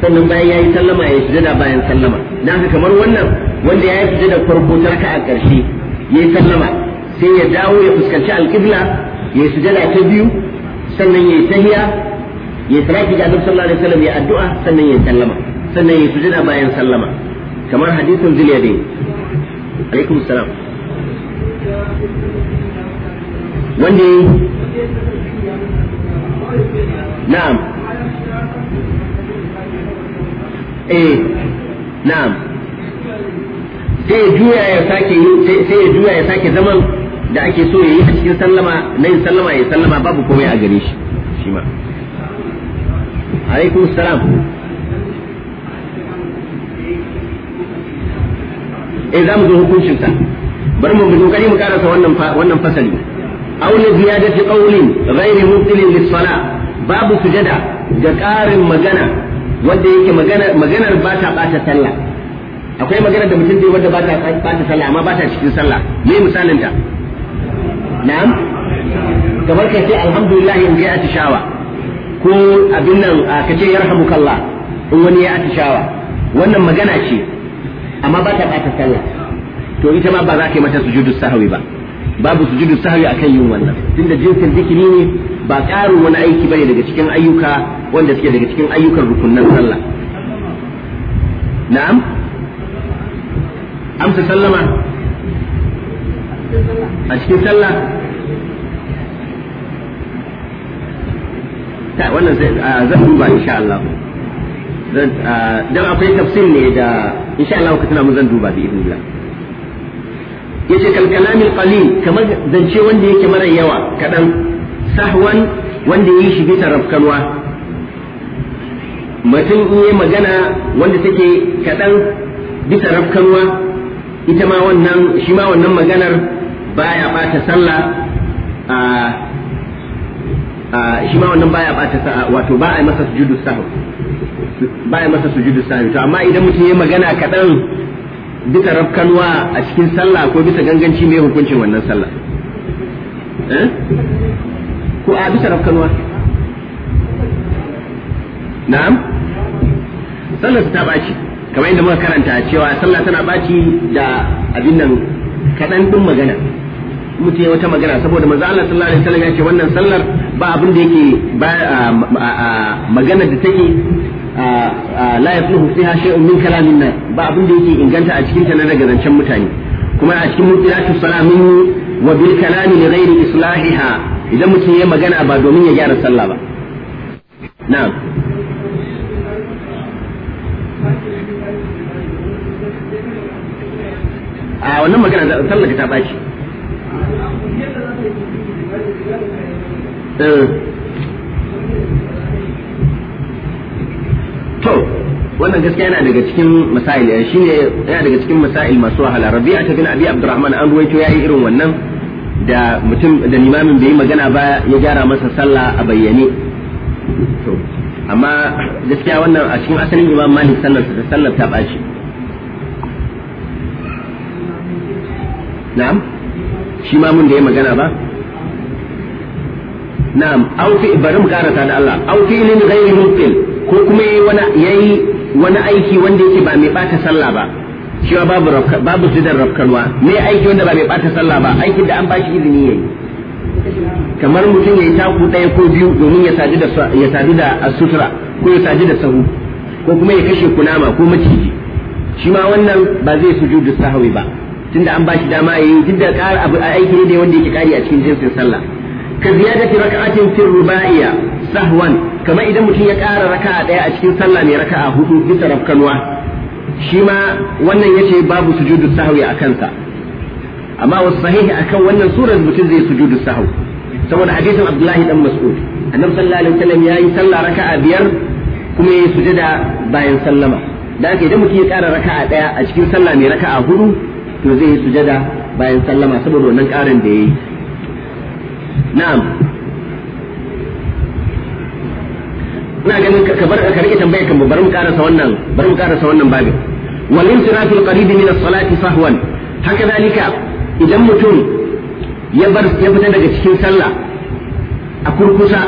sannan bayan ya yi sallama ya da bayan sallama na haka kamar wannan wanda ya yi sujada farko tarka a ƙarshe ya yi sallama sai ya dawo ya fuskanci alƙibla ya yi sujada ta biyu sannan ya yi tahiya ya yi tsaraki ga annabi sallallahu alaihi wasallam ya addu'a sannan ya yi sallama sannan ya yi sujada bayan sallama kamar hadisin zuliya dai. alaikum salam wanda yi na'am eh na'am sai ya juya ya sake sai ya juya ya sake zaman da ake so ya yi a cikin sallama na yin sallama ya sallama babu komai a gare shi shi ma alaikum salam eh za mu zo hukuncin sa bari mu kokari mu karasa wannan wannan fasali aw la ziyadati qawlin ghairi mubtilin lis sala babu sujada ga karin magana wanda yake magana maganar ba ta bata sallah akwai magana da mutum zai wanda ba ta bata sallah amma ba ta cikin sallah me misalin ta na'am kamar ka ce alhamdulillah in ji atishawa ko abin nan ka ce yarhamukallah in wani ya atishawa wannan magana ce amma ba ta bata sallah to ita ma ba za ka yi mata sujudu sahwi ba babu sujudu sahwi akan yin wannan tunda jinsin zikiri ne ba ƙarin wani aiki bane daga cikin ayyuka wanda suke daga cikin ayyukan rukunnan sallah na'am amsa sallama a cikin sallah ta wannan zan duba insha Allah dan akwai tafsir ne da sha Allah ku mun zan duba bi Allah yace kal qalil kamar zance wanda yake mara yawa kadan sahwan wanda yi shi bisa rafkanwa mutum in yi magana wanda take kadan bisa rafkanwa ita ma wannan shi ma wannan maganar baya bata sallah a ah, shi ma wannan baya bata wato ba a masa sujudu sahu ba a masa sujudu sahu to amma idan mutum ya magana kaɗan bisa rafkanwa a cikin sallah ko bisa ganganci mai hukuncin wannan sallah eh? ko a bisa rafkanwa na'am sallar ta baci kamar inda muka karanta cewa sallah tana baci da abin nan kaɗan ɗin magana mutu ya wata magana saboda manzo Allah sallallahu alaihi wasallam ya ce wannan sallar ba abin da yake ba magana da take la yasluhu fiha shay'un min kalamin nas ba abin da yake inganta a cikin ta na daga rancen mutane kuma a cikin mutilatu salamin wa bil kalami li ghairi islahiha idan mutum ya magana ba domin ya gyara sallah ba na'am a wannan magana sallar ta baci to wannan gaskiya yana daga cikin masail eh, shi ne yana daga cikin masail masu wahala rabi'a ta bin abi abdurrahman an ruwaito yayi irin wannan da mutum da limamin bai magana ba ya gyara masa sallah a bayyane to amma gaskiya wannan a cikin asalin imam malik sallar ta sallar ta ɓaci na'am shi mamun da ya magana ba na'am aw fi bari mu karanta da Allah aw fi lin ghairi mubtil ko kuma yayi wani yayi wani aiki wanda yake ba mai bata sallah ba cewa babu rafka babu zidar rafkanwa me aiki wanda ba mai bata sallah ba aikin da an bashi izini yayi kamar mutum yayi taku daya ko biyu domin ya sadu da ya sadu da ko ya sadu da sahu ko kuma ya kashe kunama ko maciji shi ma wannan ba zai sujudu sahwi ba tunda an bashi dama yayi tunda kar abu aiki ne da wanda yake kari a cikin jinsin sallah ka ziyadati raka'atin fi rubaiya sahwan kamar idan mutum ya ƙara raka'a ɗaya a cikin sallah mai raka'a hudu bisa rafkanwa shi ma wannan yace babu sujudu sahwi a kansa amma wasu sahihi akan wannan surar mutum zai sujudu sahwi saboda hadisin Abdullahi dan Mas'ud annabi sallallahu alaihi wasallam yayi sallah raka'a biyar kuma yayi sujada bayan sallama da haka idan mutum ya ƙara raka'a ɗaya a cikin sallah mai raka'a hudu to zai yi sujada bayan sallama saboda wannan ƙarin da ya yi. na'am ina ganin ka bar ka rike tambayar kan bari mu karasa wannan bari mu karasa wannan babin wal insirafu al-qarib min as-salati sahwan haka zalika idan mutum ya bar ya fita daga cikin sallah a kurkusa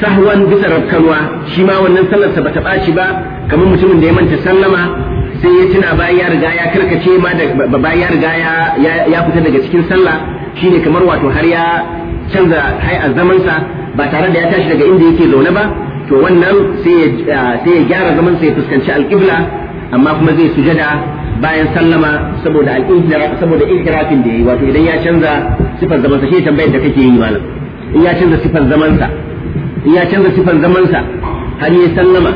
sahwan bisa rakkanwa shi ma wannan sallar sallarsa bata baci ba kamar mutumin da ya manta sallama sai ya tuna bayan ya riga ya karkace ma da bayan ya riga ya fita daga cikin sallah shine kamar wato har ya canza hay'ar zamansa ba tare da ya tashi daga inda yake zaune ba to wannan sai ya ah, gyara zaman sai ya fuskanci alƙibla amma kuma zai sujada bayan sallama saboda al saboda ihtirafin da yayi wato idan ya canza sifar zaman sa shi tambayar da kake yi malam in ya canza sifar zaman sa in ya canza sifar zaman sa har ya sallama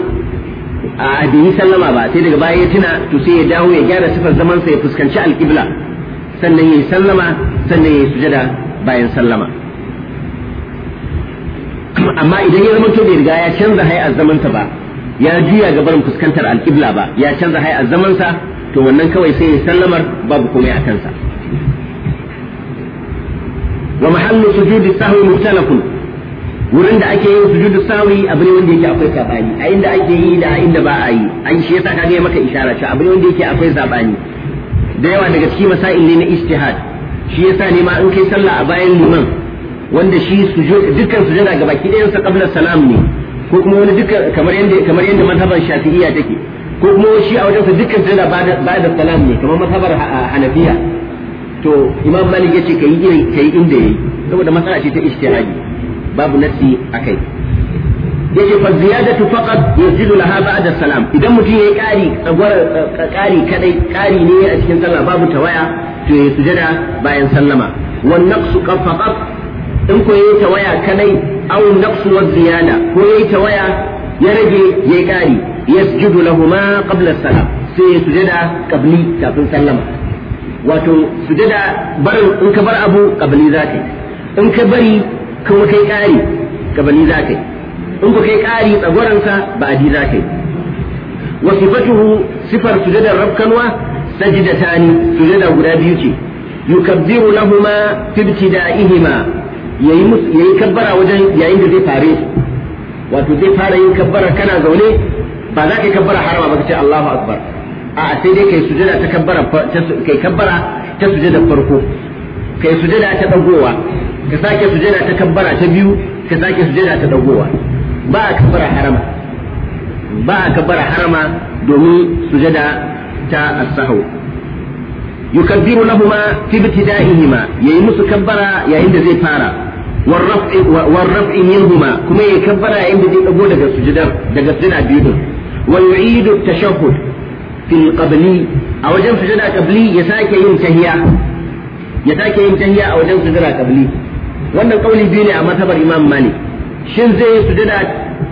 a bai sallama ba sai daga baya ya tuna to sai ya dawo ya gyara sifar zaman sa ya fuskanci alƙibla sannan yayi sallama sannan yayi sujada bayan sallama amma idan ya zama to bai riga ya canza hay'ar zamansa ba ya juya ga barin fuskantar alƙibla ba ya canza hay'ar zamansa to wannan kawai sai ya sallamar babu komai a kansa wa mahallu sujudi sahwi mukhtalafun wurin da ake yin sujudi sahwi abu ne wanda yake akwai sabani a inda ake yi da inda ba a yi an shi yasa kage maka isharar cewa abu ne wanda yake akwai sabani da yawa daga cikin masail ne na istihad shi yasa ne ma in kai sallah a bayan liman wanda shi sujud dukkan sujada ga baki ɗayan sa qabla salam ne ko kuma wani dukkan kamar yanda kamar yanda mazhaban shafi'iyya take ko kuma shi a wajen sa dukkan sujada ba'da da salam ne kamar mazhabar hanafiya to imam malik yace kai kai inda yayi saboda matsala ce ta istihadi babu nasi akai yace fa ziyadatu faqat yazidu laha ba'da salam idan mutum yayi kari tsagwar kari eh, kadai kari ne a cikin sallah babu tawaya to ya sujada bayan sallama wan naqsu faqat in ko yayi tawaya kadai aw naqsu wa ziyada ko yayi tawaya ya rage yayi kari yasjudu lahuma qabla salam sai ya sujada qabli kafin sallama wato sujada barin in ka bar abu qabli zakai in ka bari kuma kai kari qabli zakai in ku kai ƙari tsagoransa ba adi za kai wa sifatuhu sifar sujadar rabkanwa sajidatani sujada guda biyu ce yukabbiru lahuma fi ibtida'ihima yayi yayi kabbara wajen yayin da zai fare wato zai fara yin kabbara kana zaune ba za ka yi kabbara harama ba ka ce Allahu akbar a sai dai kai sujada ta kabbara kai kabbara ta sujada farko kai sujada ta dagowa ka sake sujada ta kabbara ta biyu ka sake sujada ta dagowa ba a kabbara harama ba a kabbara harama domin sujada ta as-sahw yukabbiru lahumu fi ibtida'ihima yayi musu kabbara yayin da zai fara warraf'i warraf'i minhuma kuma yayi kabbara yayin da zai dago daga sujudar daga sujada biyu din wa yu'idu at-tashahhud fil qabli a wajen sujada qabli ya sake yin tahiyya ya sake yin tahiyya a wajen sujada qabli wannan kauli biyu ne a matabar imam malik shin zai yi sujada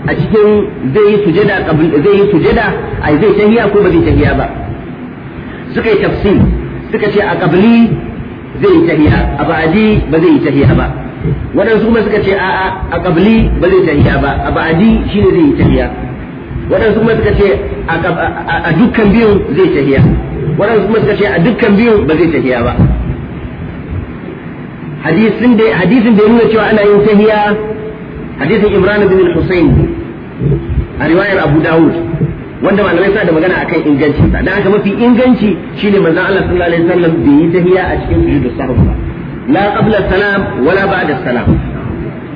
a cikin zai yi sujada zai yi sujada ai zai tahiya ko ba zai tahiya ba suka yi tafsir suka ce a kabli zai yi tahiya a ba'adi ba zai yi tahiya ba waɗansu kuma suka ce a'a a kabli ba zai tahiya ba a ba'adi shine zai yi tahiya waɗansu kuma suka ce a dukkan biyun zai tahiya waɗansu kuma suka ce a dukkan biyun ba zai tahiya ba hadisin da ya nuna cewa ana yin tahiya حديث إبران bin الحسين الرواية a riwayar abu wanda malamai sa da magana akan inganci sa dan haka mafi inganci shine manzon Allah sallallahu alaihi wasallam bai yi tahiyya a cikin sujudu sahwi ba la qabla salam wala ba'da salam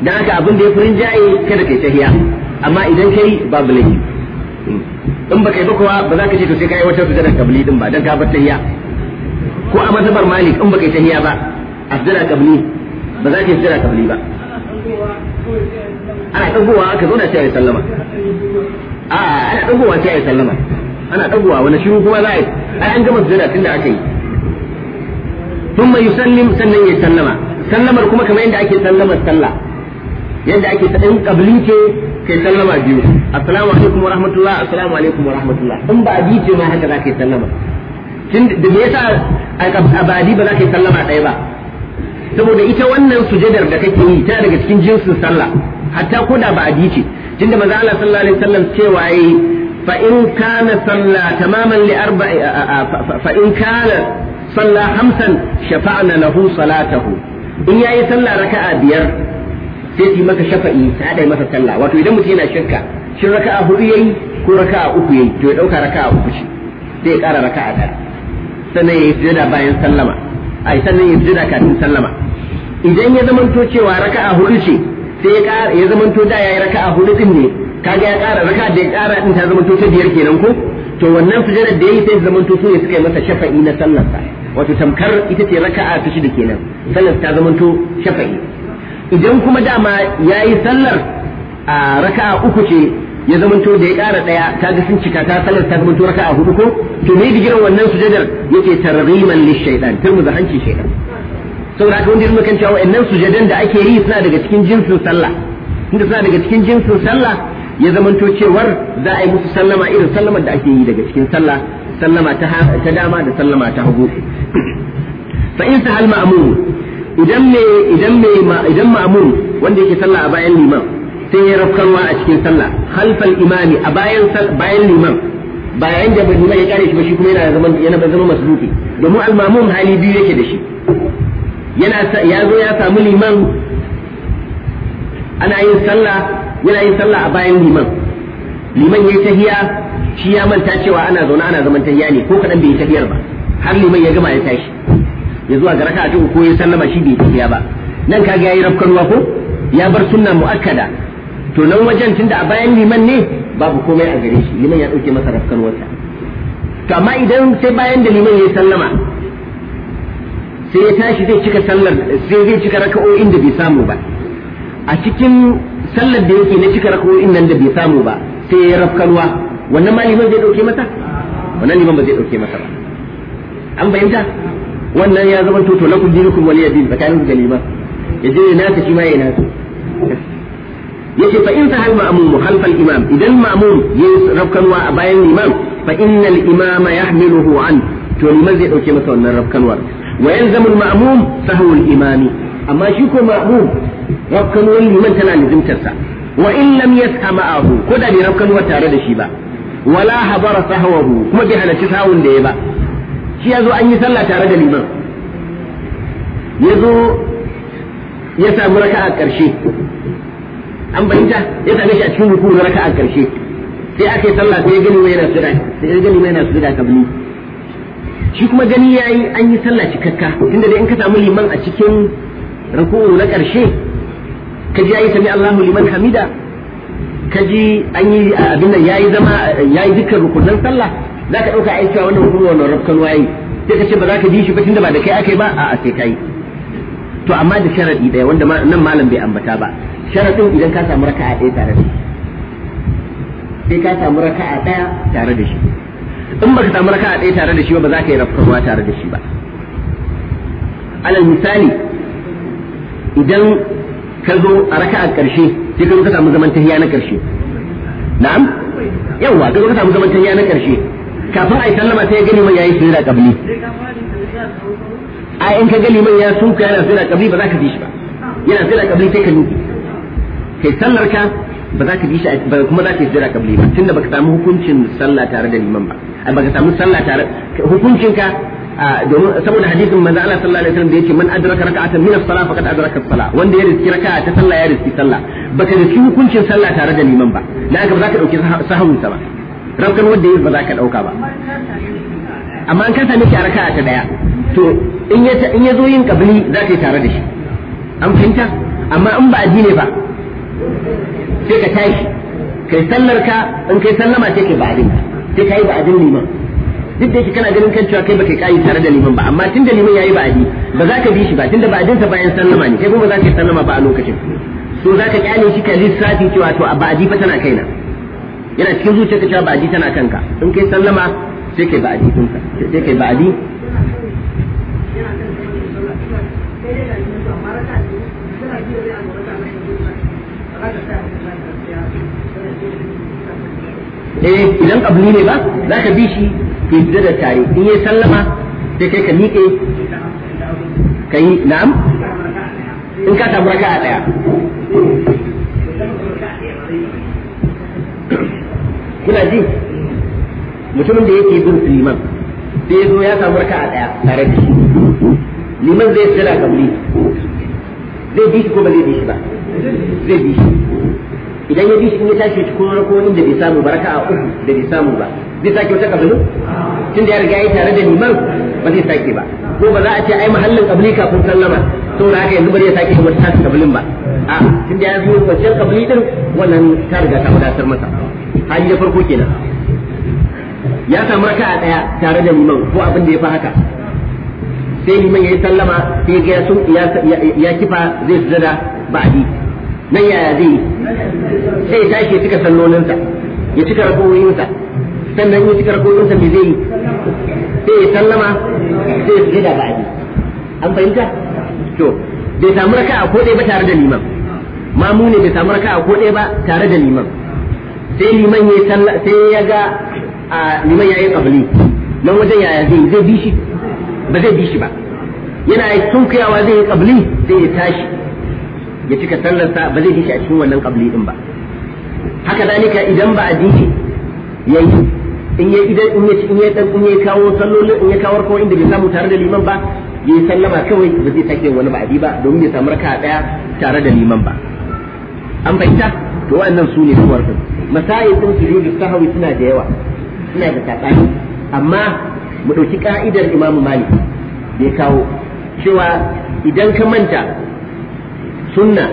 dan haka abin da ya furin jaye kada kai tahiyya amma idan kai babu laifi in baka yi ba kuwa ba za ka ce to sai kai yi wata sujudar kabli din ba dan ka bar tahiyya ko a mazhabar malik in baka yi tahiyya ba a kabli ba za ka yi sujudar kabli ba ana dagowa aka zauna sai ya sallama a ana dagowa sai ya sallama ana dagowa wani shiru kuma za a yi ai an gama sujada tunda aka yi thumma yusallim sannan ya sallama sallamar kuma kamar yadda ake sallamar sallah yadda ake ta dan kabli ce kai sallama biyu assalamu alaikum wa rahmatullah assalamu alaikum wa rahmatullah in ba a ce ma haka za ka yi sallama tun da me yasa a badi ba za ka yi sallama ɗaya ba saboda ita wannan sujadar da kake yi tana daga cikin jinsin sallah hatta ko da ba a ce tunda manzo Allah sallallahu alaihi wasallam cewa yayi fa in kana salla tamaman li arba'i fa in kana salla hamsan shafa'na lahu salatahu in yayi sallah raka'a biyar sai yi maka shafa'i ta dai masa sallah wato idan mutum yana shirka shi raka'a hudu yayi ko raka'a uku yayi to ya dauka raka'a uku ce zai kara raka'a ɗaya sannan ya yi sujada bayan sallama a sannan ya jira kafin sallama idan ya zamanto cewa raka'a hudu ce sai ya ƙara ya zamanto da ya raka raka'a hudu din ne kaga ya ƙara raka'a da ya ƙara din ta zamanto ta biyar kenan ko to wannan sujadar da yayi sai ya zamanto su ne suka yi masa shafa'i na sallar sa wato tamkar ita ce raka'a ta da kenan sallar ta zamanto shafa'i idan kuma dama yayi sallar a raka'a uku ce ya zamanto da ya ƙara ɗaya ta ga sun cika ta salar ta zamanto raka a hudu ko to me digiran wannan sujadar yake targhiman lishaitan da hanci shaitan saboda haka wanda ilmi kan cewa wa'annan sujadan da ake yi suna daga cikin jinsin sallah inda suna daga cikin jinsin sallah ya zamanto cewar za a yi musu sallama irin sallamar da ake yi daga cikin sallah sallama ta dama da sallama ta hagu fa in sahal ma'mum idan me idan me idan ma'mum wanda yake sallah a bayan liman sai ya rafkanwa a cikin sallah halfal imami a bayan bayan liman bayan da liman ya kare shi ba shi kuma yana zaman yana zama masduki domin almamun hali biyu yake da shi yana ya zo ya samu liman ana yin sallah yana yin sallah a bayan liman liman yayi tahiya shi ya manta cewa ana zaune ana zaman tahiya ne ko kadan bai tahiyar ba har liman ya gama ya tashi ya zuwa ga raka'a ta uku ko ya sallama shi bai tahiya ba nan kaga yayi rafkan ko ya bar sunna mu'akkada to nan wajen tunda a bayan liman ne babu komai a gare shi liman ya dauke masa rafkan wata to amma idan sai bayan da liman ya sallama sai ya tashi zai cika sallar sai zai cika raka'o'in da bai samu ba a cikin sallar da yake na cika raka'o'in nan da bai samu ba sai ya rafkalwa wannan ma liman zai dauke masa wannan liman ba zai dauke masa ba an bayyana wannan ya zama to to lakum dinukum waliyadin din tsakanin da liman yaje na nasa shi ma yana nasa yace fa in sahal ma'mum khalf al-imam idan ma'mum yayi rafkanwa a bayan imam fa innal imam yahmiluhu an to liman zai dauke masa wannan rafkanwar wa yalzamu al-ma'mum sahwu al-imami amma shi ko ma'mum rafkanwar liman tana lazimtarsa wa in lam yas'a ma'ahu ko da bai rafkanwar tare da shi ba wala habara sahwahu kuma bai halarci sahun da ya ba shi yazo an yi sallah tare da liman yazo ya samu raka'a karshe an bayyanta ya same shi a cikin ruku na raka'a karshe sai aka yi sallah sai ya gani mai yana sujada sai ya gani mai yana ka kabli shi kuma gani yayi an yi sallah cikakka tunda dai in ka samu liman a cikin ruku'u na karshe ka ji yayi sami Allahu liman hamida ka ji an yi abin nan yayi zama yayi dukkan rukunan sallah zaka dauka ai cewa wannan ruku'u wannan rukun wayi sai ka ce ba za ka ji shi ba tunda ba da kai akai ba a'a sai kai to amma da sharadi daya wanda nan malam bai ambata ba sharaɗin idan ka samu raka'a ɗaya tare da shi sai ka samu raka'a ɗaya tare da shi in baka samu raka'a ɗaya tare da shi ba ba za ka yi rafkarwa tare da shi ba alal misali idan ka zo a raka'a ƙarshe sai ka zo ka samu zaman tahiya na ƙarshe na'am yawa ka zo ka samu zaman tahiya na ƙarshe kafin a yi sallama sai ya gani man yayi sujada kabli a in ka gani man ya sunka yana sujada kabli ba za ka ji shi ba yana sujada kabli sai ka nufi kai sallar ka ba za ka bi shi ba kuma za ka yi jira kabli ba tunda baka samu hukuncin sallah tare da liman ba ai baka samu sallah tare hukuncin ka domin saboda hadisin manzo Allah sallallahu alaihi wasallam da yake man adraka raka'atan min as-salah faqad adraka as-salah wanda ya riski raka'a ta sallah ya riski sallah baka riski hukuncin sallah tare da liman ba dan haka ba za ka dauki sahun sa ba rakan wanda yayi ba za ka dauka ba amma an ka same ki a raka'a ta daya to in ya in ya zo yin kabli za ka yi tare da shi an fahimta amma in ba addini ba sai ka tashi kai sallar ka in kai sallama sai kai ba'adin sai kai ba'adin liman duk da yake kana ganin kan cewa kai baka kai tare da liman ba amma tun da liman yayi ba'adi ba za ka bi shi ba tunda ba'adin sa bayan sallama ne kai kuma za ka yi sallama ba a lokacin so za ka kyale shi ka lissafi cewa to a ba'adi fa tana kaina yana cikin zuciyarka cewa ba'adi tana kanka in kai sallama sai kai ba'adi ɗinka sai kai ba'adi eh idan kabli ne ba za ka bi shi ku yi da tare in ya sallama sai kai ka miƙe ka yi na'am in ka samu raka'a daya kuna ji mutumin da yake bin liman sai ya zo ya samu raka'a daya tare da shi liman zai sira kabli zai bi shi ko ba zai bi shi ba zai bi shi idan ya bi shi ya tashi cikin rako inda bai samu baraka a uku da bai samu ba zai sake wata kabilu tun da ya riga ya tare da liman ba zai sake ba ko ba za a ce ai mahallin kabili kafin sallama to da haka yanzu bari ya sake kamar tashi kabilin ba a tun da ya zo kwanciyar kabili din wannan ta riga ta wadatar masa hali da farko kenan ya samu raka a daya tare da liman ko abin da ya fi haka sai liman ya yi sallama sai ya ya kifa zai sujada ba a nan yaya zai yi sai ya tashi cika sallolinsa ya cika rakowoyinsa sannan ya cika rakowoyinsa me zai yi sai ya sallama sai ya sujada ga abi an fahimta to bai samu raka'a ko ɗaya ba tare da liman mamu ne bai samu raka'a ko ɗaya ba tare da liman sai liman ya salla sai ya ga liman ya yi qabli nan wajen yaya zai zai bi shi ba zai bi shi ba yana tunkuyawa zai yi qabli sai ya tashi ya cika sallarsa ba zai shi a cikin wannan kabli din ba haka zalika idan ba addini yayi in ya idan in ya in ya dan in ya kawo sallolin in ya kawo ko inda bai samu tare da liman ba ya yi sallama kawai ba zai take wani ba'adi ba domin ya samu raka'a daya tare da liman ba an fahimta to wa'annan su ne suwar din masayin su sujudu sahawi suna da yawa suna da tsakani amma mu ɗauki ka'idar Imam Malik bai kawo cewa idan ka manta sunna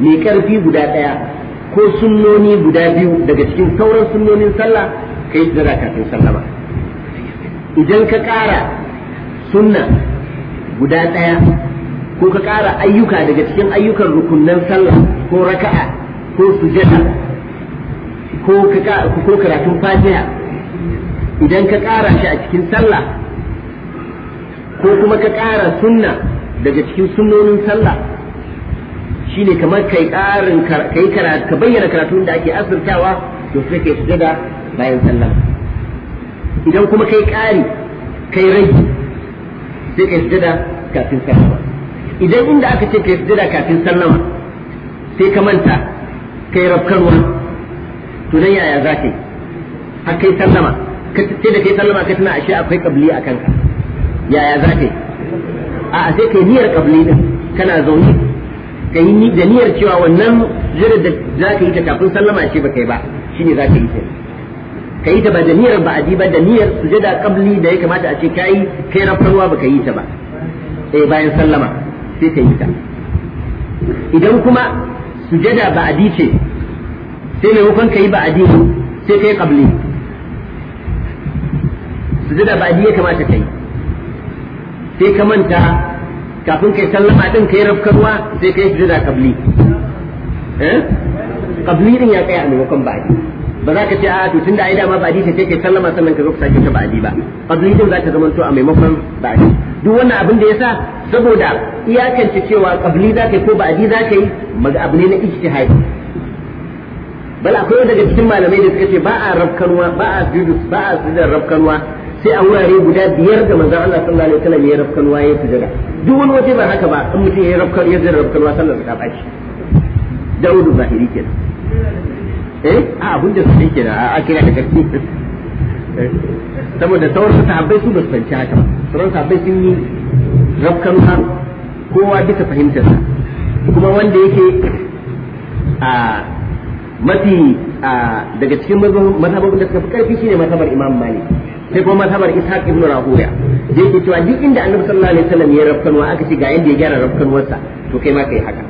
mai karfi guda ɗaya ko sunnoni guda biyu daga cikin sauran sunnonin sallah ka yi sujada kafin sallama idan ka ƙara sunna guda ɗaya ko ka ƙara ayyuka daga cikin ayyukan rukunnan sallah ko raka'a ko sujada ko karatun fatiha idan ka ƙara shi a cikin sallah ko kuma ka ƙara sunna daga cikin sunnonin sallah Shi ne kamar kai karin kai karatu ka bayyana karatun da ake asirtawa to sai kai sujada bayan sallah idan kuma kai kari kai rage sai kai sujada kafin sallama idan inda aka ce kai sujada kafin sallama sai ka manta kai rabkarwa to dan yaya za ka yi har kai sallama sai da kai sallama ka tana ashe akwai kabli a kanka yaya za ka yi a'a sai kai niyyar kabli din kana zaune ka yi ni da niyyar cewa wannan jira da za ka yi ta kafin sallama ce ba kai ba shine za ka yi ta ka yi ta ba da niyyar ba aji ba da niyyar sujada qabli da ya kamata a ce kai kai farwa ba ka yi ta ba eh bayan sallama sai ka yi ta idan kuma sujada ba aji ce sai ne ka yi ba ne sai kai qabli sujada ba aji ya kamata kai sai ka manta kafin kai sallama din kai rafkarwa sai kai sujada qabli eh kabli din ya kai a maimakon ba'di ba za ka ce a to tunda ai dama ba'di sai kai sallama sannan ka zo ka sake ta ba'di ba qabli din za ta zama to a maimakon ba'di duk wannan abin da yasa saboda iyakance cewa qabli za ka yi ko ba'di za ka yi abu ne na ijtihadi bal akwai daga cikin malamai da suka ce ba a rafkarwa ba a sujud ba a sujudar rafkarwa sai a wurare guda biyar da manzon Allah sallallahu alaihi wasallam ya rafkan waye sujada duk wani waje ba haka ba in mutum ya rafkan ya zira rafkan ba da ta baci Dawudu Zahiri kenan eh a abun da su kenan a kira da gaske saboda ta abai su ba su fanci haka ba sauran abai sun yi rafkan ha kowa bisa fahimtarsa kuma wanda yake a mafi daga cikin mazhabin da suka fi karfi shine mazhabar Imam Malik sai kuma mazhabar ita ibn rahuya da yake cewa duk inda annabi sallallahu alaihi wasallam ya rafkanwa aka ce ga yanda ya gyara rafkanwarsa to kai ma kai haka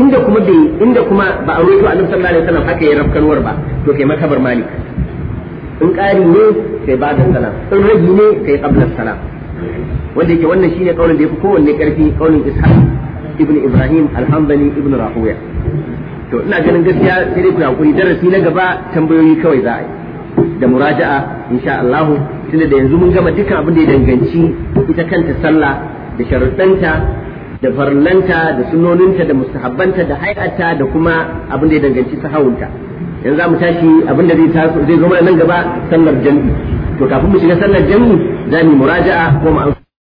inda kuma bai inda kuma ba a roƙo annabi sallallahu alaihi wasallam haka ya rafkanwar ba to kai mazhabar malik in ƙari ne kai ba da salam in ragi ne kai qabla salam wanda yake wannan shine kaulin da yafi kowanne karfi kaulin ishaq ibn ibrahim al-hanbali ibn rahuya to ina ganin gaskiya sai dai ku hakuri darasi na gaba tambayoyi kawai za a yi da muraja'a insha Allah tunda da yanzu mun gama duka abin da ya danganci ita kanta sallah da sharuɗanta da farlanta da sunoninta da mustahabbanta da hayata da kuma abin da ya danganci sahawunta yanzu mu tashi abin da zai taso zai zo mana nan gaba sallar jami'i to kafin mu shiga sallar jami'i za mu muraja'a ko mu